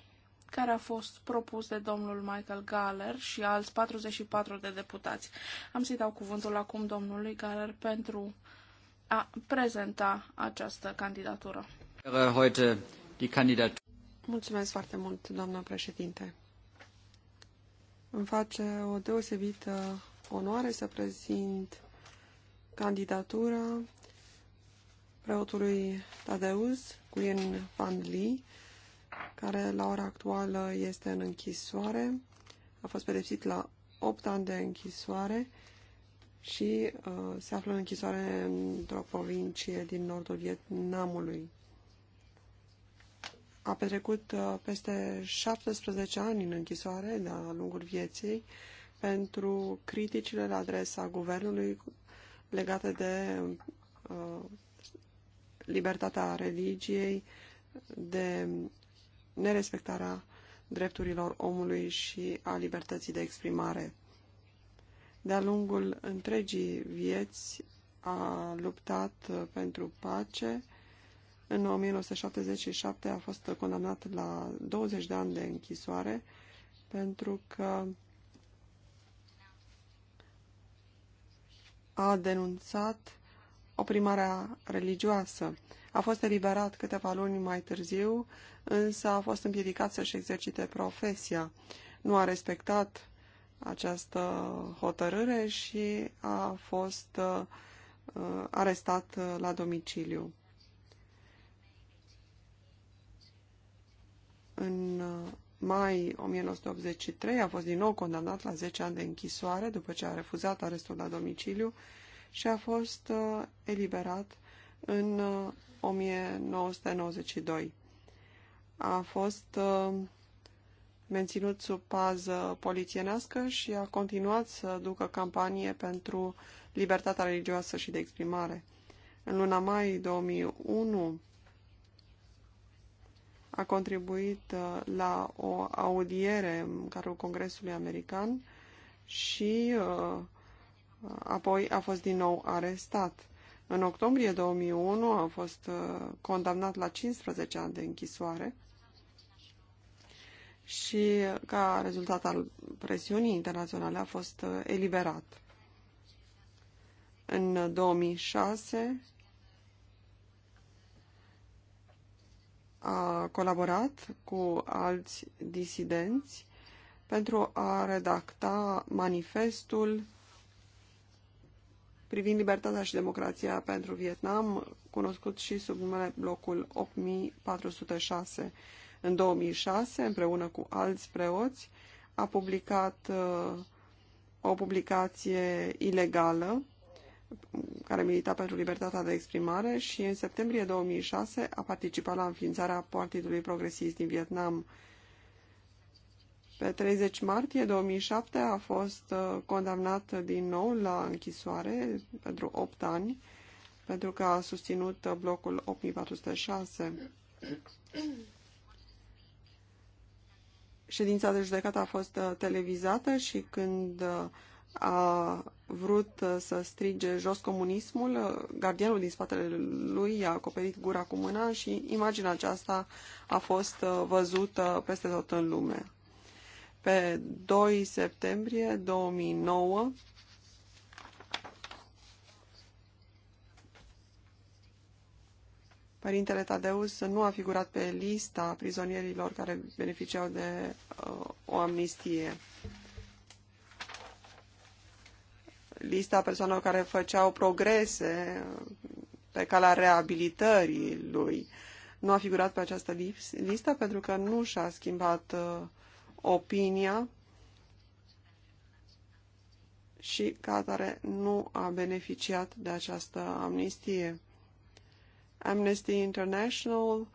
care a fost propus de domnul Michael Galler și alți 44 de deputați. Am să-i dau cuvântul acum domnului Galler pentru a prezenta această candidatură. Mulțumesc foarte mult, doamna președinte. Îmi face o deosebită onoare să prezint candidatura preotului Tadeus Guen Van Lee, care la ora actuală este în închisoare. A fost pedepsit la 8 ani de închisoare și uh, se află în închisoare într-o provincie din nordul Vietnamului. A petrecut uh, peste 17 ani în închisoare de-a lungul vieții, uh, pentru criticile la adresa guvernului legate de uh, libertatea religiei, de nerespectarea drepturilor omului și a libertății de exprimare. De-a lungul întregii vieți a luptat uh, pentru pace. În 1977 a fost condamnat la 20 de ani de închisoare pentru că a denunțat oprimarea religioasă. A fost eliberat câteva luni mai târziu, însă a fost împiedicat să-și exercite profesia. Nu a respectat această hotărâre și a fost uh, uh arestat la domiciliu. În uh, mai 1983 a fost din nou condamnat la 10 ani de închisoare după ce a refuzat arestul la domiciliu și a fost uh, eliberat în 1992. Uh, a fost uh, menținut sub pază polițienească și a continuat să ducă campanie pentru libertatea religioasă și de exprimare. În luna mai 2001, a contribuit uh, la o audiere în cadrul Congresului American și uh, apoi a fost din nou arestat. În octombrie 2001 a fost uh, condamnat la 15 ani de închisoare și ca rezultat al presiunii internaționale a fost eliberat. În 2006 a colaborat cu alți disidenți pentru a redacta manifestul privind libertatea și democrația pentru Vietnam, cunoscut și sub numele blocul 8406. În 2006, împreună cu alți preoți, a publicat uh, o publicație ilegală care milita pentru libertatea de exprimare și în septembrie 2006 a participat la înființarea Partidului Progresist din Vietnam. Pe 30 martie 2007 a fost uh, condamnat din nou la închisoare pentru 8 ani pentru că a susținut uh, blocul 8406. Ședința de judecată a fost uh, televizată și când a vrut uh, să strige jos comunismul, gardianul din spatele lui i-a acoperit gura cu mâna și imaginea aceasta a fost uh, văzută peste tot în lume. Pe 2 septembrie 2009, Părintele Tadeus nu a figurat pe lista prizonierilor care beneficiau de uh, o amnistie lista persoanelor care făceau progrese pe calea reabilitării lui nu a figurat pe această listă pentru că nu și-a schimbat uh, opinia și ca atare nu a beneficiat de această amnistie. Amnesty International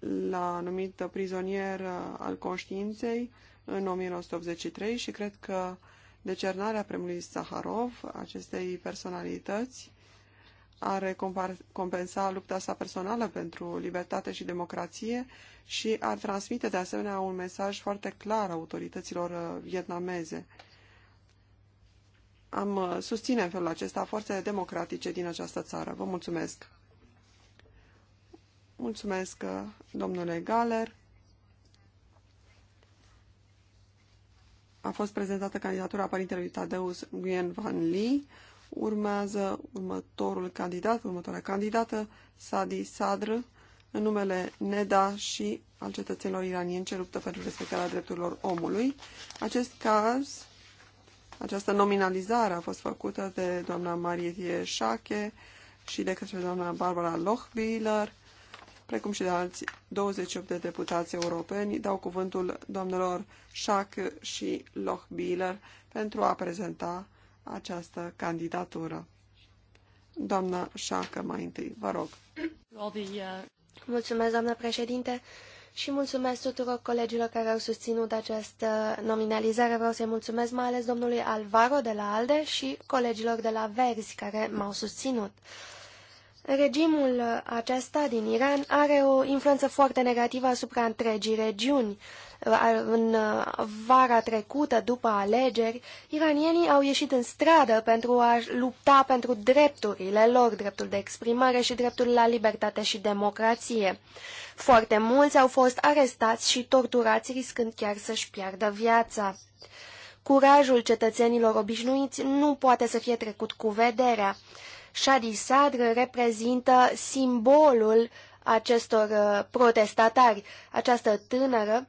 l-a numit prizonier uh, al conștiinței în 1983 și cred că Decernarea premiului Saharov acestei personalități are compensa lupta sa personală pentru libertate și democrație și ar transmite de asemenea un mesaj foarte clar autorităților uh, vietnameze. Am uh, susține în felul acesta forțele democratice din această țară. Vă mulțumesc! Mulțumesc, uh, domnule Galer. a fost prezentată candidatura părintelui Tadeus Nguyen Van Lee, urmează următorul candidat, următoarea candidată, Sadi Sadr, în numele NEDA și al cetățenilor iranieni ce luptă pentru respectarea drepturilor omului. Acest caz, această nominalizare a fost făcută de doamna Marie Șache și de către doamna Barbara Lochbiller, precum și de alți 28 de deputați europeni, dau cuvântul domnilor Schack și Lochbieler pentru a prezenta această candidatură. Doamna Schack, mai întâi, vă rog. Mulțumesc, doamnă președinte, și mulțumesc tuturor colegilor care au susținut această nominalizare. Vreau să-i mulțumesc mai ales domnului Alvaro de la ALDE și colegilor de la Verzi care m-au susținut. Uh, Regimul acesta din Iran are o influență foarte negativă asupra întregii regiuni. În vara trecută, după alegeri, iranienii au ieșit în stradă pentru a lupta pentru drepturile lor, dreptul de exprimare și dreptul la libertate și democrație. Foarte mulți au fost arestați și torturați, riscând chiar să-și piardă viața. Curajul cetățenilor obișnuiți nu poate să fie trecut cu vederea. Shadisadr reprezintă simbolul acestor uh, protestatari. Această tânără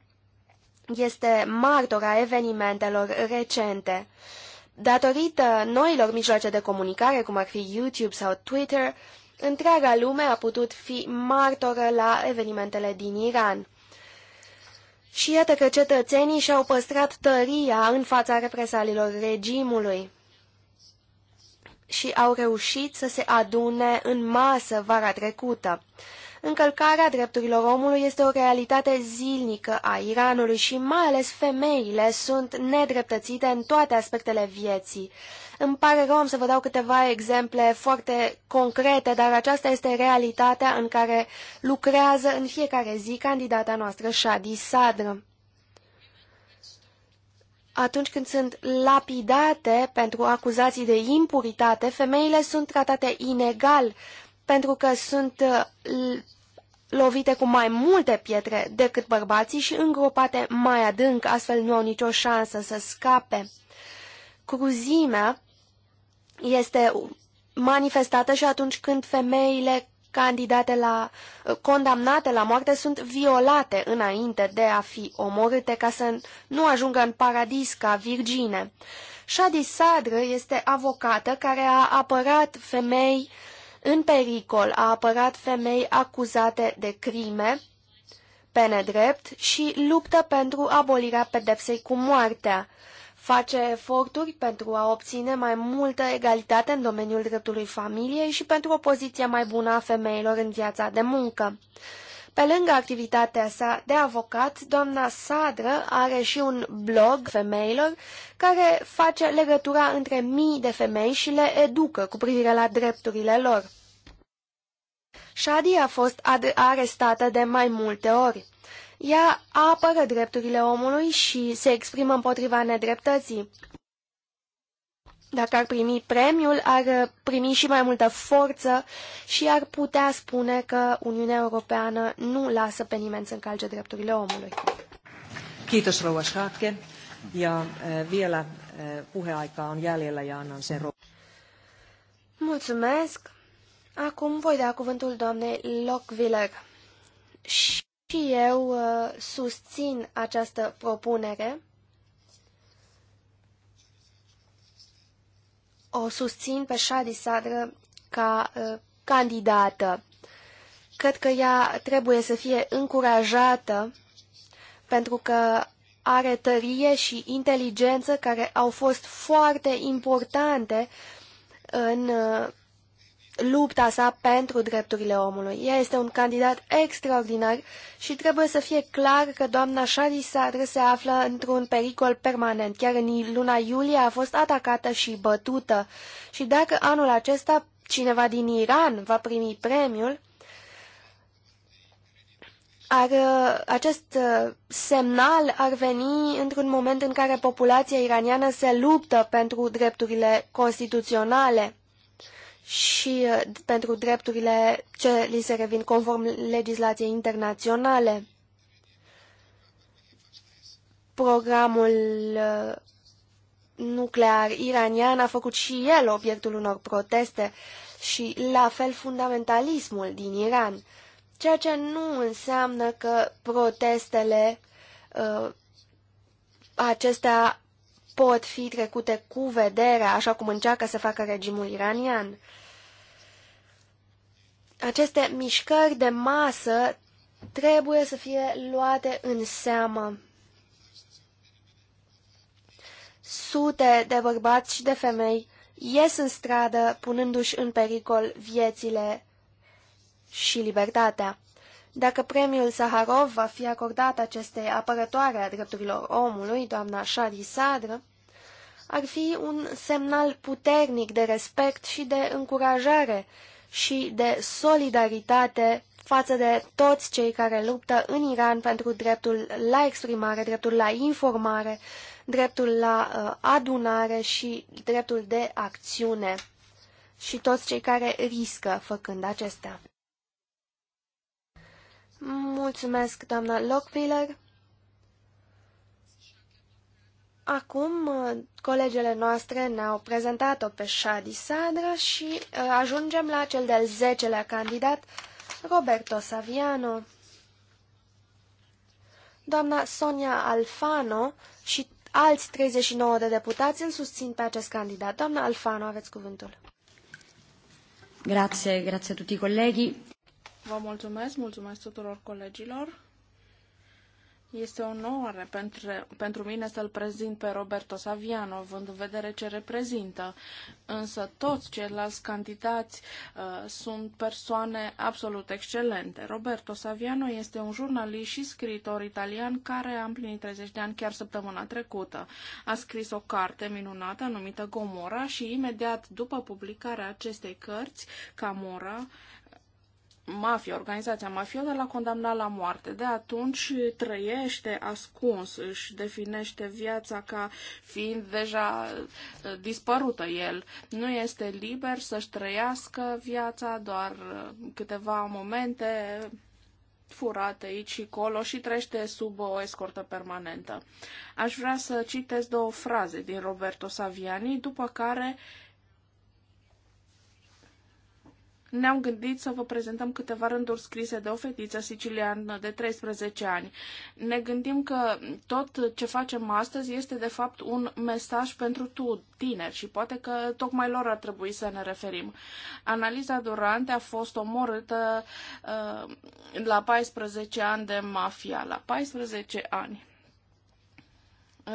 este martora evenimentelor recente. Datorită noilor mijloace de comunicare, cum ar fi YouTube sau Twitter, întreaga lume a putut fi martoră la evenimentele din Iran. Și iată că cetățenii și-au păstrat tăria în fața represaliilor regimului și au reușit să se adune în masă vara trecută. Încălcarea drepturilor omului este o realitate zilnică a Iranului și mai ales femeile sunt nedreptățite în toate aspectele vieții. Îmi pare rău să vă dau câteva exemple foarte concrete, dar aceasta este realitatea în care lucrează în fiecare zi candidata noastră Shadi Sadr atunci când sunt lapidate pentru acuzații de impuritate, femeile sunt tratate inegal pentru că sunt uh, lovite cu mai multe pietre decât bărbații și îngropate mai adânc, astfel nu au nicio șansă să scape. Cruzimea este manifestată și atunci când femeile candidate la, uh, condamnate la moarte sunt violate înainte de a fi omorâte ca să nu ajungă în paradis ca virgine. Shadi Sadr este avocată care a apărat femei în pericol, a apărat femei acuzate de crime pe nedrept și luptă pentru abolirea pedepsei cu moartea face eforturi pentru a obține mai multă egalitate în domeniul dreptului familiei și pentru o poziție mai bună a femeilor în viața de muncă. Pe lângă activitatea sa de avocat, doamna Sadră are și un blog femeilor care face legătura între mii de femei și le educă cu privire la drepturile lor. Shadi a fost arestată de mai multe ori. Ea apără drepturile omului și se exprimă împotriva nedreptății. Dacă ar primi premiul, ar primi și mai multă forță și ar putea spune că Uniunea Europeană nu lasă pe nimeni să încalce drepturile omului. Kiitos, rouva Schaake. Ja eh, vielä eh, puheaikaa on jäljellä ja annan sen Mulțumesc. Acum voi da cuvântul doamnei Lockviller. Și și eu uh, susțin această propunere. O susțin pe Shadi Sadră ca uh, candidată. Cred că ea trebuie să fie încurajată pentru că are tărie și inteligență care au fost foarte importante în uh, lupta sa pentru drepturile omului. Ea este un candidat extraordinar și trebuie să fie clar că doamna Sharisadr se află într-un pericol permanent. Chiar în luna iulie a fost atacată și bătută. Și dacă anul acesta cineva din Iran va primi premiul, ar, acest uh, semnal ar veni într-un moment în care populația iraniană se luptă pentru drepturile constituționale și uh, pentru drepturile ce li se revin conform legislației internaționale. Programul uh, nuclear iranian a făcut și el obiectul unor proteste și la fel fundamentalismul din Iran, ceea ce nu înseamnă că protestele uh, acestea pot fi trecute cu vederea, așa cum încearcă să facă regimul iranian aceste mișcări de masă trebuie să fie luate în seamă. Sute de bărbați și de femei ies în stradă punându-și în pericol viețile și libertatea. Dacă premiul Saharov va fi acordat acestei apărătoare a drepturilor omului, doamna Shadi Sadră, ar fi un semnal puternic de respect și de încurajare și de solidaritate față de toți cei care luptă în Iran pentru dreptul la exprimare, dreptul la informare, dreptul la uh, adunare și dreptul de acțiune și toți cei care riscă făcând acestea. Mulțumesc, doamna Lockwiller. Acum, uh, colegele noastre ne-au prezentat-o pe Shadi Sadra și uh, ajungem la cel de-al zecelea candidat, Roberto Saviano. Doamna Sonia Alfano și alți 39 de deputați îl susțin pe acest candidat. Doamna Alfano, aveți cuvântul. Grazie, grazie a tutti Vă mulțumesc, mulțumesc tuturor colegilor. Este o onoare pentru, pentru mine să-l prezint pe Roberto Saviano, având în vedere ce reprezintă. Însă toți ceilalți candidați uh, sunt persoane absolut excelente. Roberto Saviano este un jurnalist și scriitor italian care a împlinit 30 de ani chiar săptămâna trecută. A scris o carte minunată numită Gomora și imediat după publicarea acestei cărți, Camora, mafia, organizația mafiotă l-a condamnat la moarte. De atunci trăiește ascuns, își definește viața ca fiind deja uh, dispărută el. Nu este liber să-și trăiască viața, doar uh, câteva momente furate aici și colo și trăiește sub o escortă permanentă. Aș vrea să citesc două fraze din Roberto Saviani, după care ne-am gândit să vă prezentăm câteva rânduri scrise de o fetiță siciliană de 13 ani. Ne gândim că tot ce facem astăzi este de fapt un mesaj pentru tu, tineri, și poate că tocmai lor ar trebui să ne referim. Analiza Durante a fost omorâtă uh, la 14 ani de mafia, la 14 ani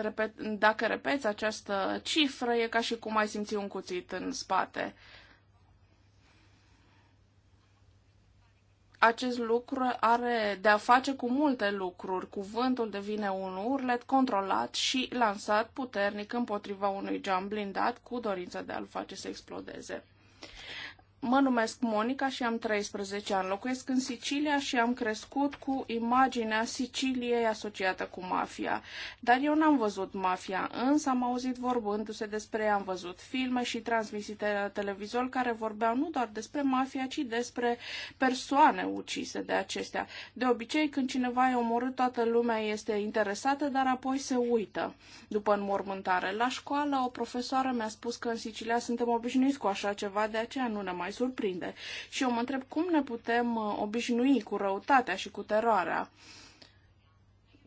repet, dacă repeți această cifră, e ca și cum ai simți un cuțit în spate. acest lucru are de a face cu multe lucruri. Cuvântul devine un urlet controlat și lansat puternic împotriva unui geam blindat cu dorința de a-l face să explodeze. Mă numesc Monica și am 13 ani. Locuiesc în Sicilia și am crescut cu imaginea Siciliei asociată cu mafia. Dar eu n-am văzut mafia, însă am auzit vorbându-se despre ea, am văzut filme și transmisite la televizor care vorbeau nu doar despre mafia, ci despre persoane ucise de acestea. De obicei, când cineva e omorât, toată lumea este interesată, dar apoi se uită după înmormântare. La școală, o profesoară mi-a spus că în Sicilia suntem obișnuiți cu așa ceva, de aceea nu ne mai mai surprinde. Și eu mă întreb cum ne putem uh, obișnui cu răutatea și cu teroarea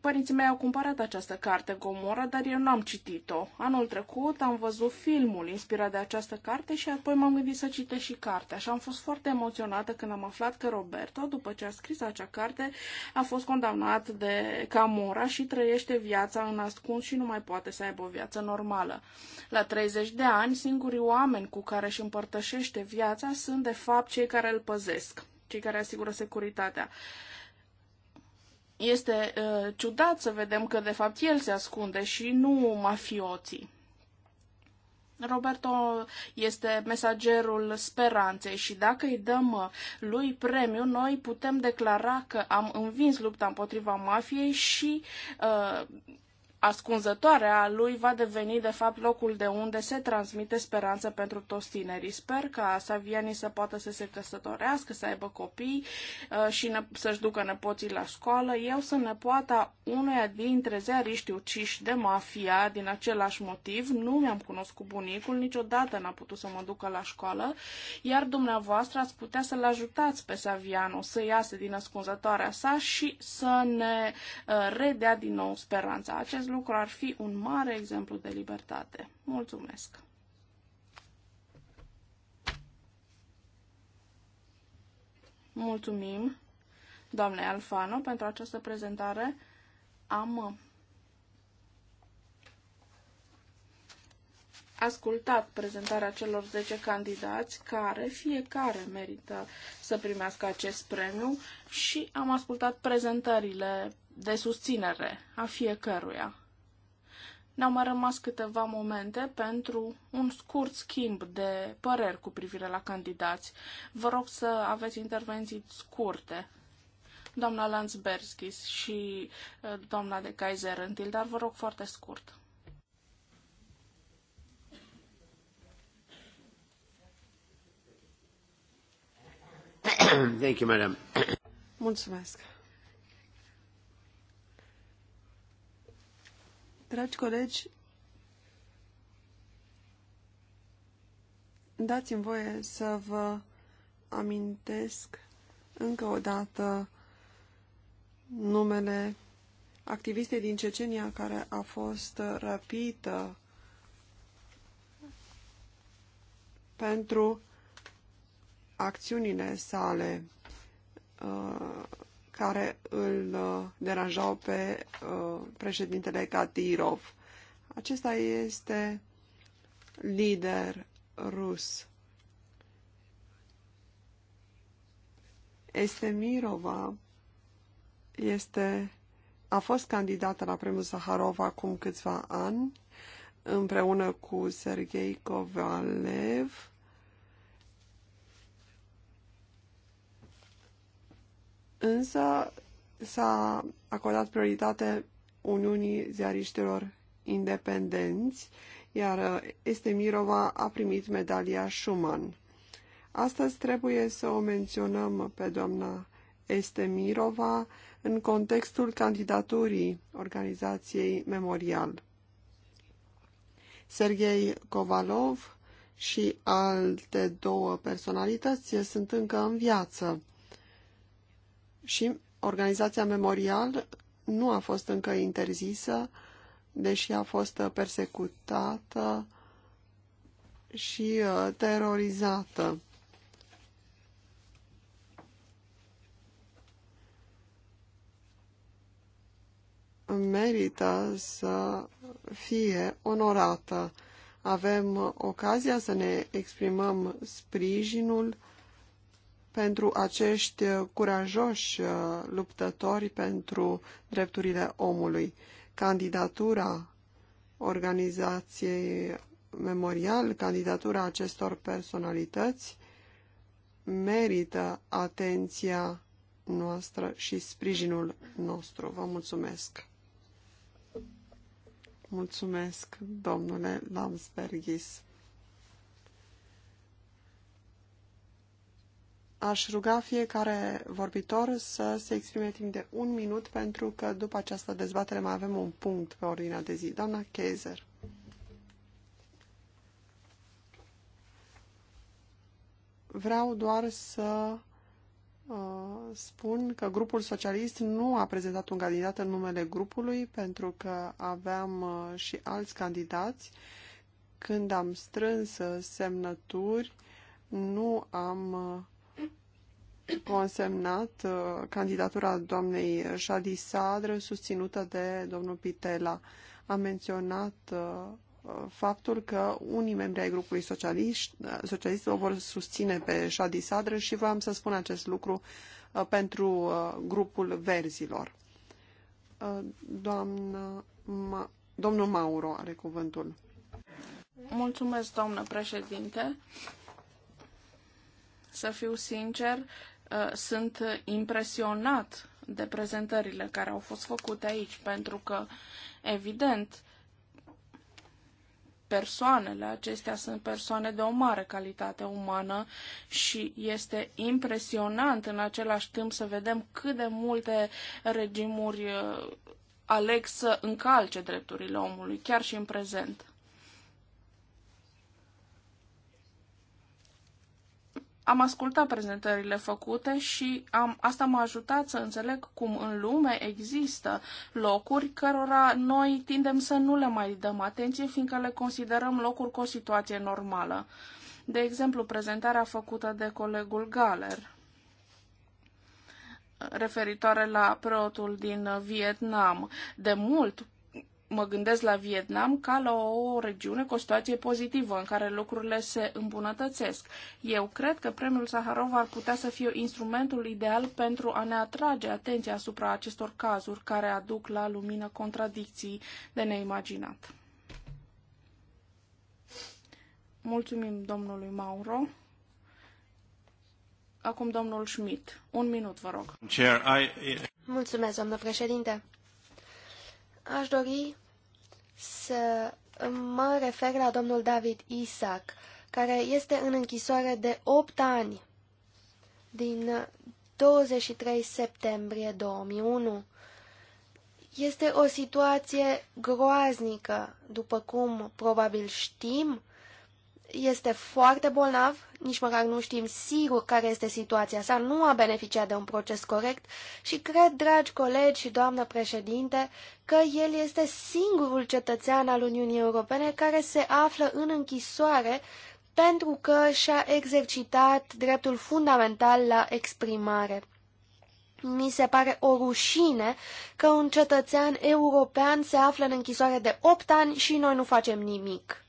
Părinții mei au cumpărat această carte Gomora, dar eu n-am citit-o. Anul trecut am văzut filmul inspirat de această carte și apoi m-am gândit să citesc și cartea și am fost foarte emoționată când am aflat că Roberto, după ce a scris acea carte, a fost condamnat de Camora și trăiește viața în ascuns și nu mai poate să aibă o viață normală. La 30 de ani, singurii oameni cu care își împărtășește viața sunt de fapt cei care îl păzesc, cei care asigură securitatea. Este uh, ciudat să vedem că de fapt el se ascunde și nu mafioții. Roberto este mesagerul speranței și dacă îi dăm lui premiu, noi putem declara că am învins lupta împotriva mafiei și uh, ascunzătoarea lui va deveni de fapt locul de unde se transmite speranță pentru toți tinerii. Sper ca Savianii să poată să se căsătorească, să aibă copii uh, și să-și ducă nepoții la școală. Eu sunt nepoata unuia dintre zeariștii uciși de mafia din același motiv. Nu mi-am cunoscut bunicul, niciodată n-a putut să mă ducă la școală, iar dumneavoastră ați putea să-l ajutați pe Savianu să iasă din ascunzătoarea sa și să ne uh, redea din nou speranța. Acest lucru ar fi un mare exemplu de libertate. Mulțumesc! Mulțumim, doamne Alfano, pentru această prezentare. Am uh, ascultat prezentarea celor 10 candidați care fiecare merită să primească acest premiu și am ascultat prezentările de susținere a fiecăruia. Ne-au mai rămas câteva momente pentru un scurt schimb de păreri cu privire la candidați. Vă rog să aveți intervenții scurte. Doamna Lanzberskis și uh, doamna de Kaiser Întil, dar vă rog foarte scurt. Thank you, madam. Mulțumesc. Dragi colegi, dați-mi voie să vă amintesc încă o dată numele activistei din Cecenia care a fost răpită pentru acțiunile sale uh, care îl uh, deranjau pe uh, președintele Kadyrov. Acesta este lider rus. este Mirova. este, a fost candidată la premiul Saharov acum câțiva ani, împreună cu Sergei Kovalev, însă s-a acordat prioritate Uniunii Ziariștilor Independenți, iar uh, este Mirova a primit medalia Schumann. Astăzi trebuie să o menționăm pe doamna este Mirova în contextul candidaturii organizației Memorial. Sergei Kovalov și alte două personalități sunt încă în viață și organizația Memorial nu a fost încă interzisă, deși a fost uh, persecutată și uh, terorizată. merită să fie onorată. Avem uh, ocazia să ne exprimăm sprijinul pentru acești curajoși uh, luptători pentru drepturile omului. Candidatura organizației memorial, candidatura acestor personalități merită atenția noastră și sprijinul nostru. Vă mulțumesc! Mulțumesc, domnule Lamsbergis! Aș ruga fiecare vorbitor să se exprime timp de un minut, pentru că după această dezbatere mai avem un punct pe ordinea de zi. Doamna Kaiser. Vreau doar să uh, spun că grupul socialist nu a prezentat un candidat în numele grupului, pentru că aveam uh, și alți candidați. Când am strâns uh, semnături, nu am... Uh, consemnat uh, candidatura doamnei Jadi Sadre, susținută de domnul Pitela. A menționat uh, faptul că unii membri ai grupului uh, socialist, o vor susține pe Shadi Sadre și voiam să spun acest lucru pentru grupul verzilor. Doamna, ma, domnul Mauro are cuvântul. Mulțumesc, doamnă președinte. Să fiu sincer, Uh, sunt impresionat de prezentările care au fost făcute aici, pentru că, evident, persoanele acestea sunt persoane de o mare calitate umană și este impresionant în același timp să vedem cât de multe regimuri uh, aleg să încalce drepturile omului, chiar și în prezent. Am ascultat prezentările făcute și am, asta m-a ajutat să înțeleg cum în lume există locuri cărora noi tindem să nu le mai dăm atenție, fiindcă le considerăm locuri cu o situație normală. De exemplu, prezentarea făcută de colegul Galer referitoare la preotul din Vietnam. De mult, mă gândesc la Vietnam ca la o regiune cu o situație pozitivă, în care lucrurile se îmbunătățesc. Eu cred că premiul Saharov ar putea să fie instrumentul ideal pentru a ne atrage atenția asupra acestor cazuri care aduc la lumină contradicții de neimaginat. Mulțumim domnului Mauro. Acum domnul Schmidt. Un minut, vă rog. Mulțumesc, domnul președinte. Aș dori să mă refer la domnul David Isaac, care este în închisoare de 8 ani din 23 septembrie 2001. Este o situație groaznică, după cum probabil știm, este foarte bolnav, nici măcar nu știm sigur care este situația sa, nu a beneficiat de un proces corect și cred, dragi colegi și doamnă președinte, că el este singurul cetățean al Uniunii Europene care se află în închisoare pentru că și-a exercitat dreptul fundamental la exprimare. Mi se pare o rușine că un cetățean european se află în închisoare de 8 ani și noi nu facem nimic.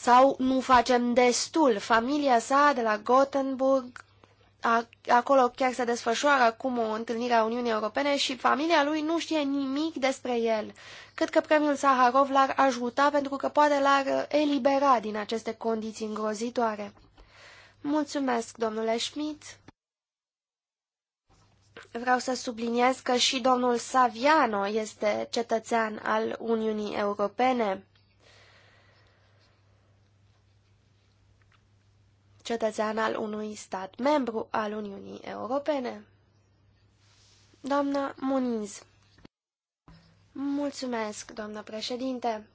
Sau nu facem destul. Familia sa de la Gothenburg, acolo chiar se desfășoară acum o întâlnire a Uniunii Europene și familia lui nu știe nimic despre el. Cred că premiul Saharov l-ar ajuta pentru că poate l-ar uh, elibera din aceste condiții îngrozitoare. Mulțumesc, domnule Schmidt. Vreau să subliniez că și domnul Saviano este cetățean al Uniunii Europene. cetățean al unui stat membru al Uniunii Europene. Doamna Muniz Mulțumesc, doamnă președinte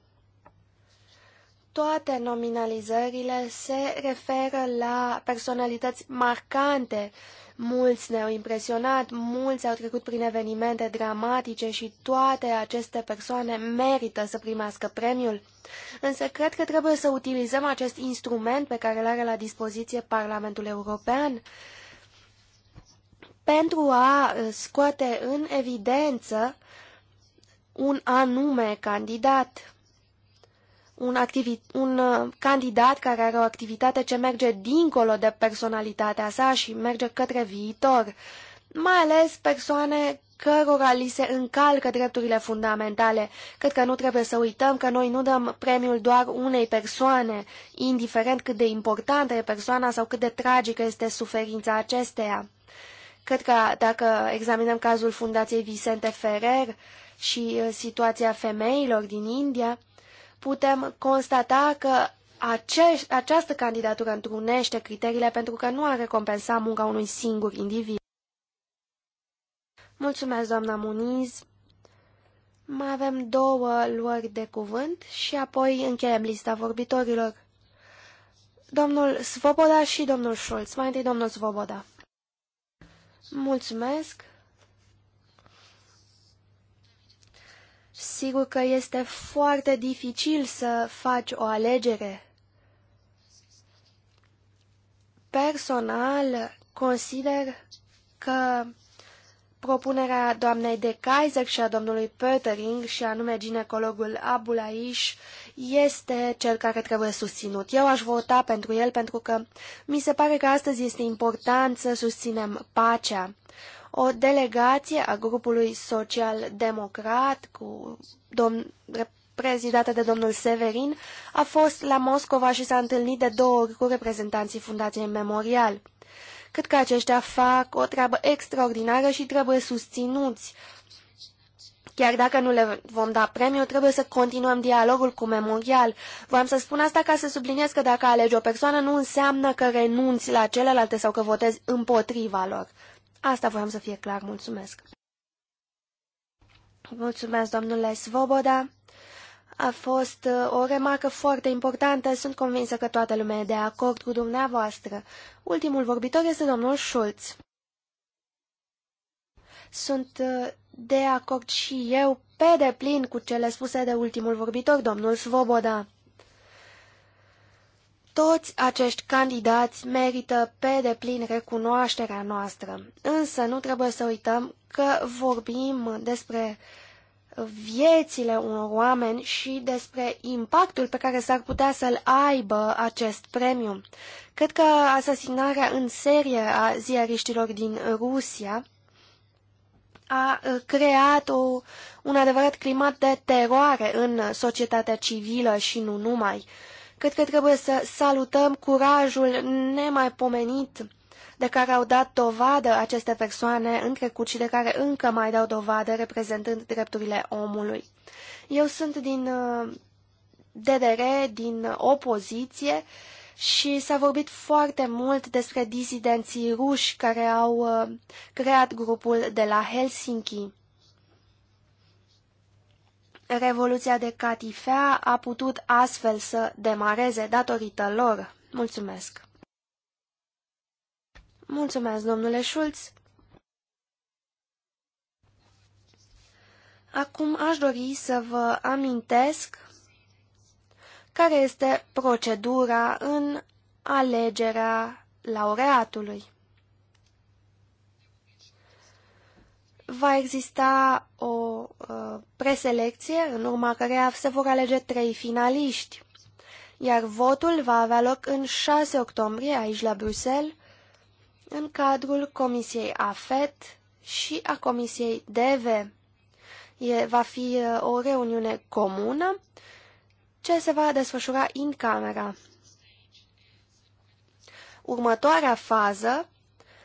toate nominalizările se referă la personalități marcante. Mulți ne-au impresionat, mulți au trecut prin evenimente dramatice și toate aceste persoane merită să primească premiul. Însă cred că trebuie să utilizăm acest instrument pe care îl are la dispoziție Parlamentul European pentru a uh, scoate în evidență un anume candidat un, un uh, candidat care are o activitate ce merge dincolo de personalitatea sa și merge către viitor, mai ales persoane cărora li se încalcă drepturile fundamentale. Cred că nu trebuie să uităm că noi nu dăm premiul doar unei persoane, indiferent cât de importantă e persoana sau cât de tragică este suferința acesteia. Cred că dacă examinăm cazul Fundației Vicente Ferrer și uh, situația femeilor din India, putem constata că acești, această candidatură întrunește criteriile pentru că nu ar recompensa munca unui singur individ. Mulțumesc, doamna Muniz. Mai avem două luări de cuvânt și apoi încheiem lista vorbitorilor. Domnul Svoboda și domnul Schulz. Mai întâi domnul Svoboda. Mulțumesc. Sigur că este foarte dificil să faci o alegere. Personal, consider că propunerea doamnei de Kaiser și a domnului Pöttering, și anume ginecologul Abulaish, este cel care trebuie susținut. Eu aș vota pentru el pentru că mi se pare că astăzi este important să susținem pacea o delegație a grupului social-democrat cu domn, prezidată de domnul Severin a fost la Moscova și s-a întâlnit de două ori cu reprezentanții Fundației Memorial. Cât că aceștia fac o treabă extraordinară și trebuie susținuți. Chiar dacă nu le vom da premiu, trebuie să continuăm dialogul cu Memorial. V-am să spun asta ca să subliniez că dacă alegi o persoană nu înseamnă că renunți la celelalte sau că votezi împotriva lor. Asta voiam să fie clar, mulțumesc. Mulțumesc, domnule Svoboda. A fost uh, o remarcă foarte importantă. Sunt convinsă că toată lumea e de acord cu dumneavoastră. Ultimul vorbitor este domnul Schulz. Sunt uh, de acord și eu pe deplin cu cele spuse de ultimul vorbitor, domnul Svoboda. Toți acești candidați merită pe deplin recunoașterea noastră, însă nu trebuie să uităm că vorbim despre viețile unor oameni și despre impactul pe care s-ar putea să-l aibă acest premiu. Cred că asasinarea în serie a ziariștilor din Rusia a creat o, un adevărat climat de teroare în societatea civilă și nu numai. Uh, Cred că trebuie să salutăm curajul nemaipomenit de care au dat dovadă aceste persoane în trecut și de care încă mai dau dovadă reprezentând drepturile omului. Eu sunt din uh, DDR, din opoziție și s-a vorbit foarte mult despre disidenții ruși care au uh, creat grupul de la Helsinki. Revoluția de catifea a putut astfel să demareze datorită lor. Mulțumesc! Mulțumesc, domnule Schulz! Acum aș dori să vă amintesc care este procedura în alegerea laureatului. va exista o uh, preselecție în urma căreia se vor alege trei finaliști, iar votul va avea loc în 6 octombrie aici la Bruxelles, în cadrul Comisiei AFET și a Comisiei DV. E, va fi uh, o reuniune comună ce se va desfășura în camera. Următoarea fază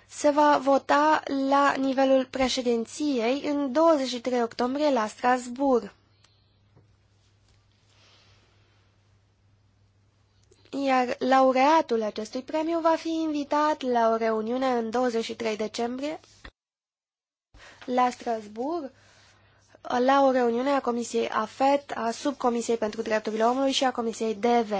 se va vota la nivelul președinției în 23 octombrie la Strasbourg. Iar laureatul acestui premiu va fi invitat la o reuniune în 23 decembrie la Strasbourg, la o reuniune a Comisiei AFET, a Subcomisiei pentru Drepturile Omului și a Comisiei DV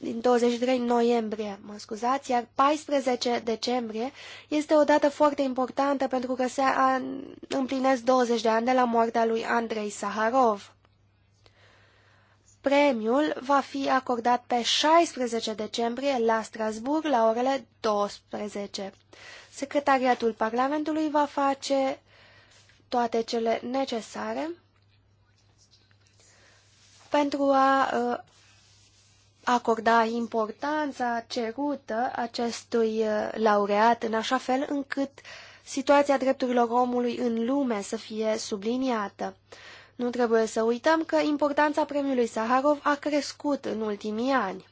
din 23 noiembrie, mă scuzați, iar 14 decembrie este o dată foarte importantă pentru că se împlinesc 20 de ani de la moartea lui Andrei Saharov. Premiul va fi acordat pe 16 decembrie la Strasburg la orele 12. Secretariatul Parlamentului va face toate cele necesare pentru a uh, acorda importanța cerută acestui uh, laureat în așa fel încât situația drepturilor omului în lume să fie subliniată. Nu trebuie să uităm că importanța premiului Saharov a crescut în ultimii ani.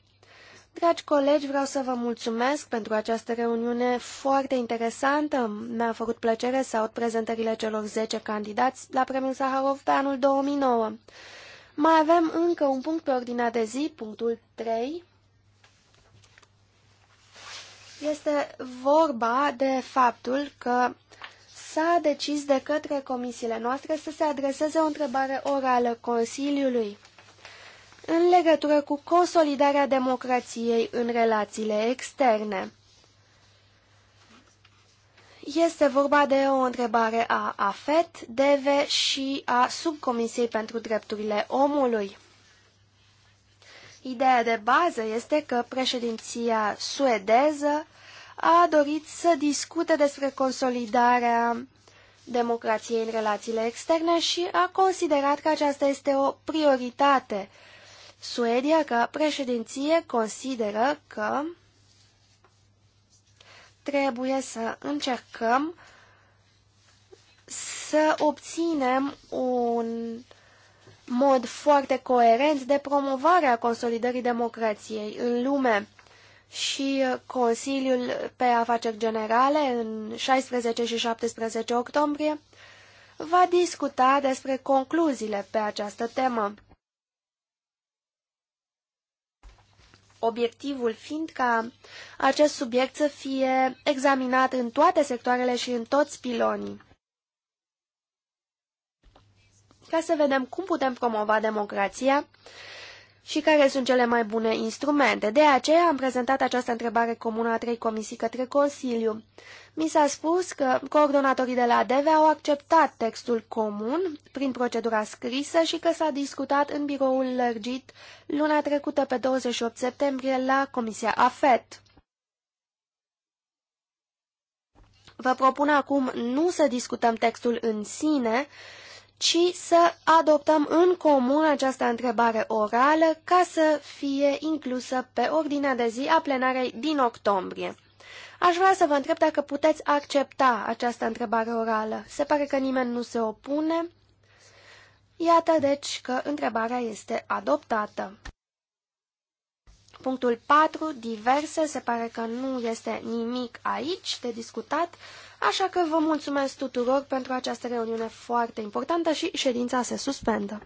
Dragi colegi, vreau să vă mulțumesc pentru această reuniune foarte interesantă. Mi-a făcut plăcere să aud prezentările celor 10 candidați la premiul Saharov pe anul 2009. Mai avem încă un punct pe ordinea de zi, punctul 3. Este vorba de faptul că s-a decis de către comisiile noastre să se adreseze o întrebare orală Consiliului în legătură cu consolidarea democrației în relațiile externe. Este vorba de o întrebare a AFET, DV și a Subcomisiei pentru Drepturile Omului. Ideea de bază este că președinția suedeză a dorit să discute despre consolidarea democrației în relațiile externe și a considerat că aceasta este o prioritate. Suedia, ca președinție, consideră că trebuie să încercăm să obținem un mod foarte coerent de promovare a consolidării democrației în lume. Și Consiliul pe Afaceri Generale, în 16 și 17 octombrie, va discuta despre concluziile pe această temă. obiectivul fiind ca acest subiect să fie examinat în toate sectoarele și în toți pilonii. Ca să vedem cum putem promova democrația și care sunt cele mai bune instrumente. De aceea am prezentat această întrebare comună a trei comisii către Consiliu. Mi s-a spus că coordonatorii de la DEVE au acceptat textul comun prin procedura scrisă și că s-a discutat în biroul lărgit luna trecută pe 28 septembrie la Comisia AFET. Vă propun acum nu să discutăm textul în sine, ci să adoptăm în comun această întrebare orală ca să fie inclusă pe ordinea de zi a plenarei din octombrie. Aș vrea să vă întreb dacă puteți accepta această întrebare orală. Se pare că nimeni nu se opune. Iată deci că întrebarea este adoptată. Punctul 4, diverse, se pare că nu este nimic aici de discutat, așa că vă mulțumesc tuturor pentru această reuniune foarte importantă și ședința se suspendă.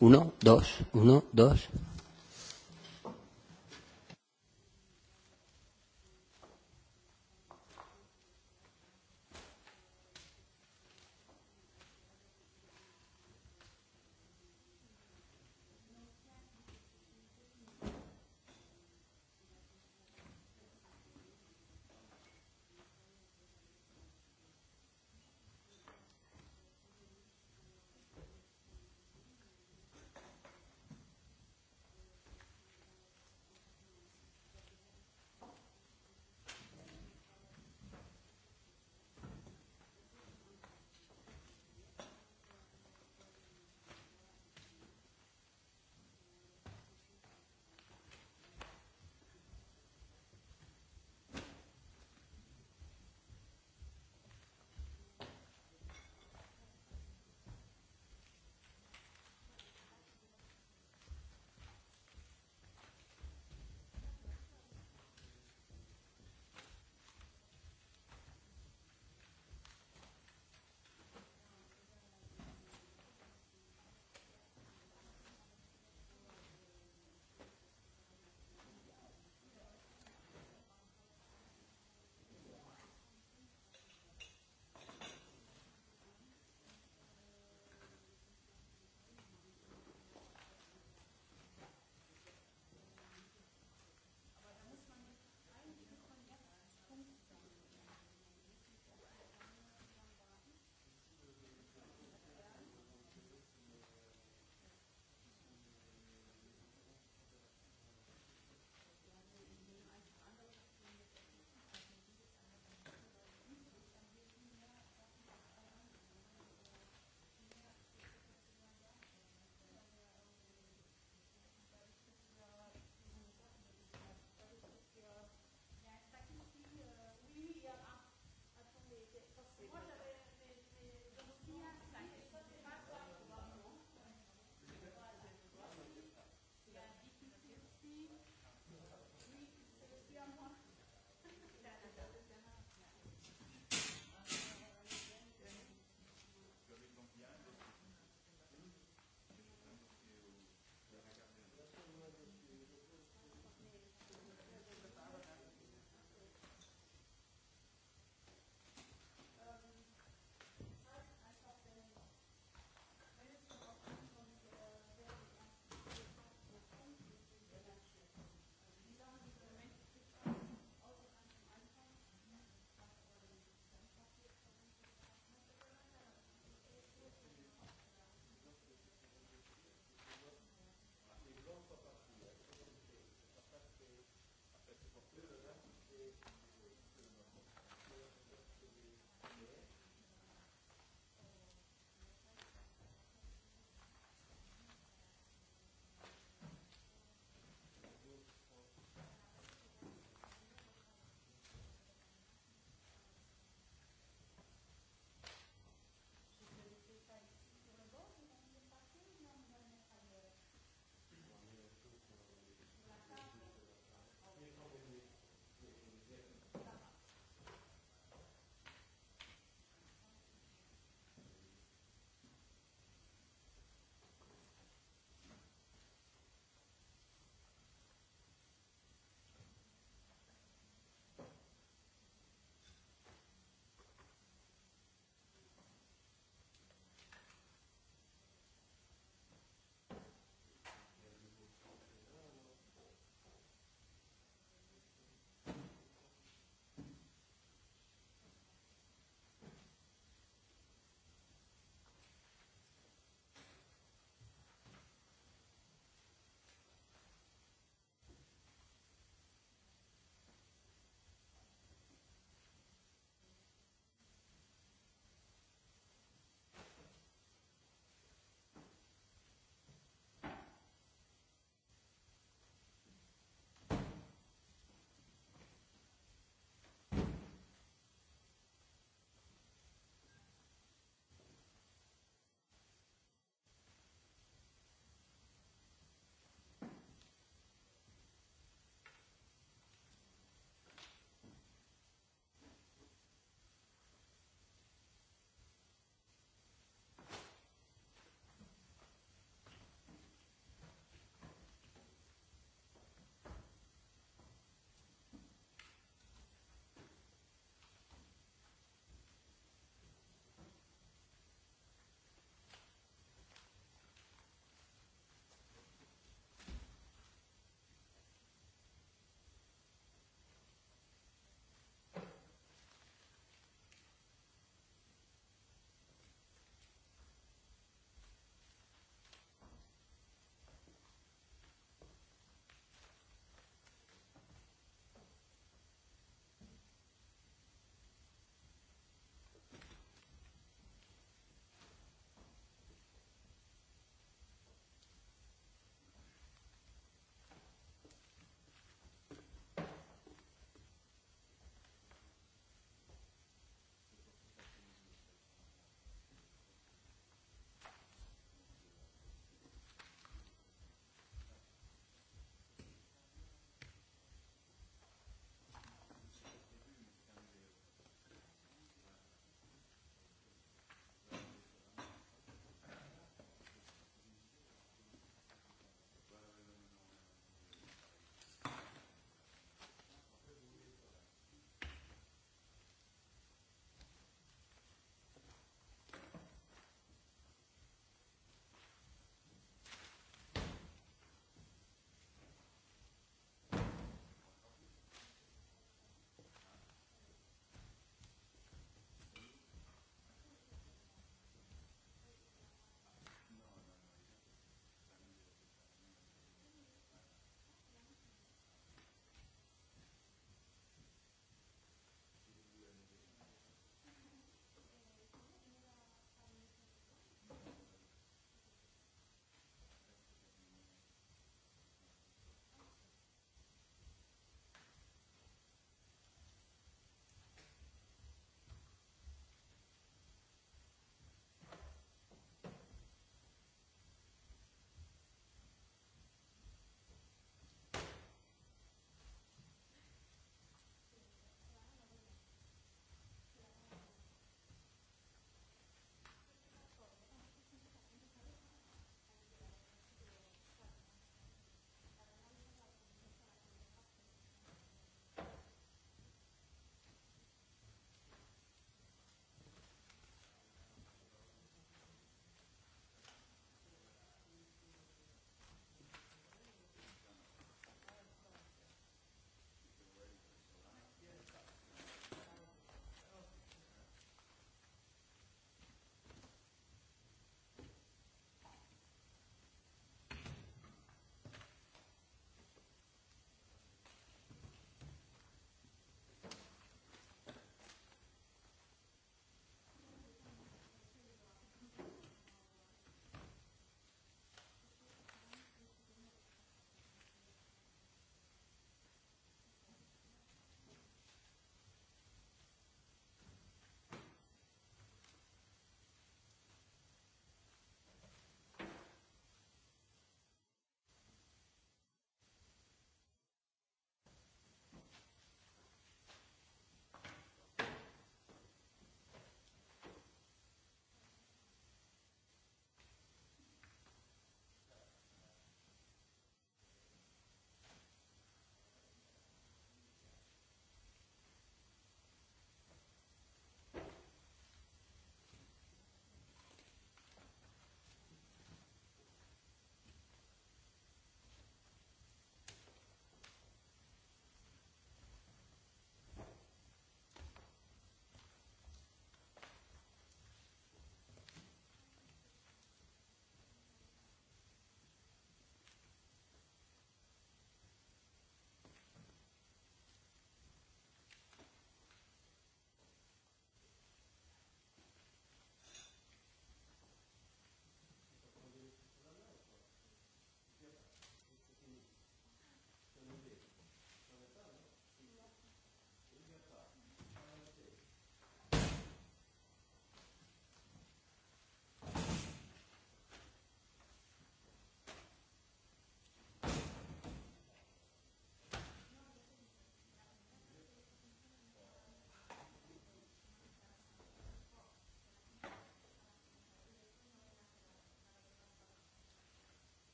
Uno, dos, uno, dos.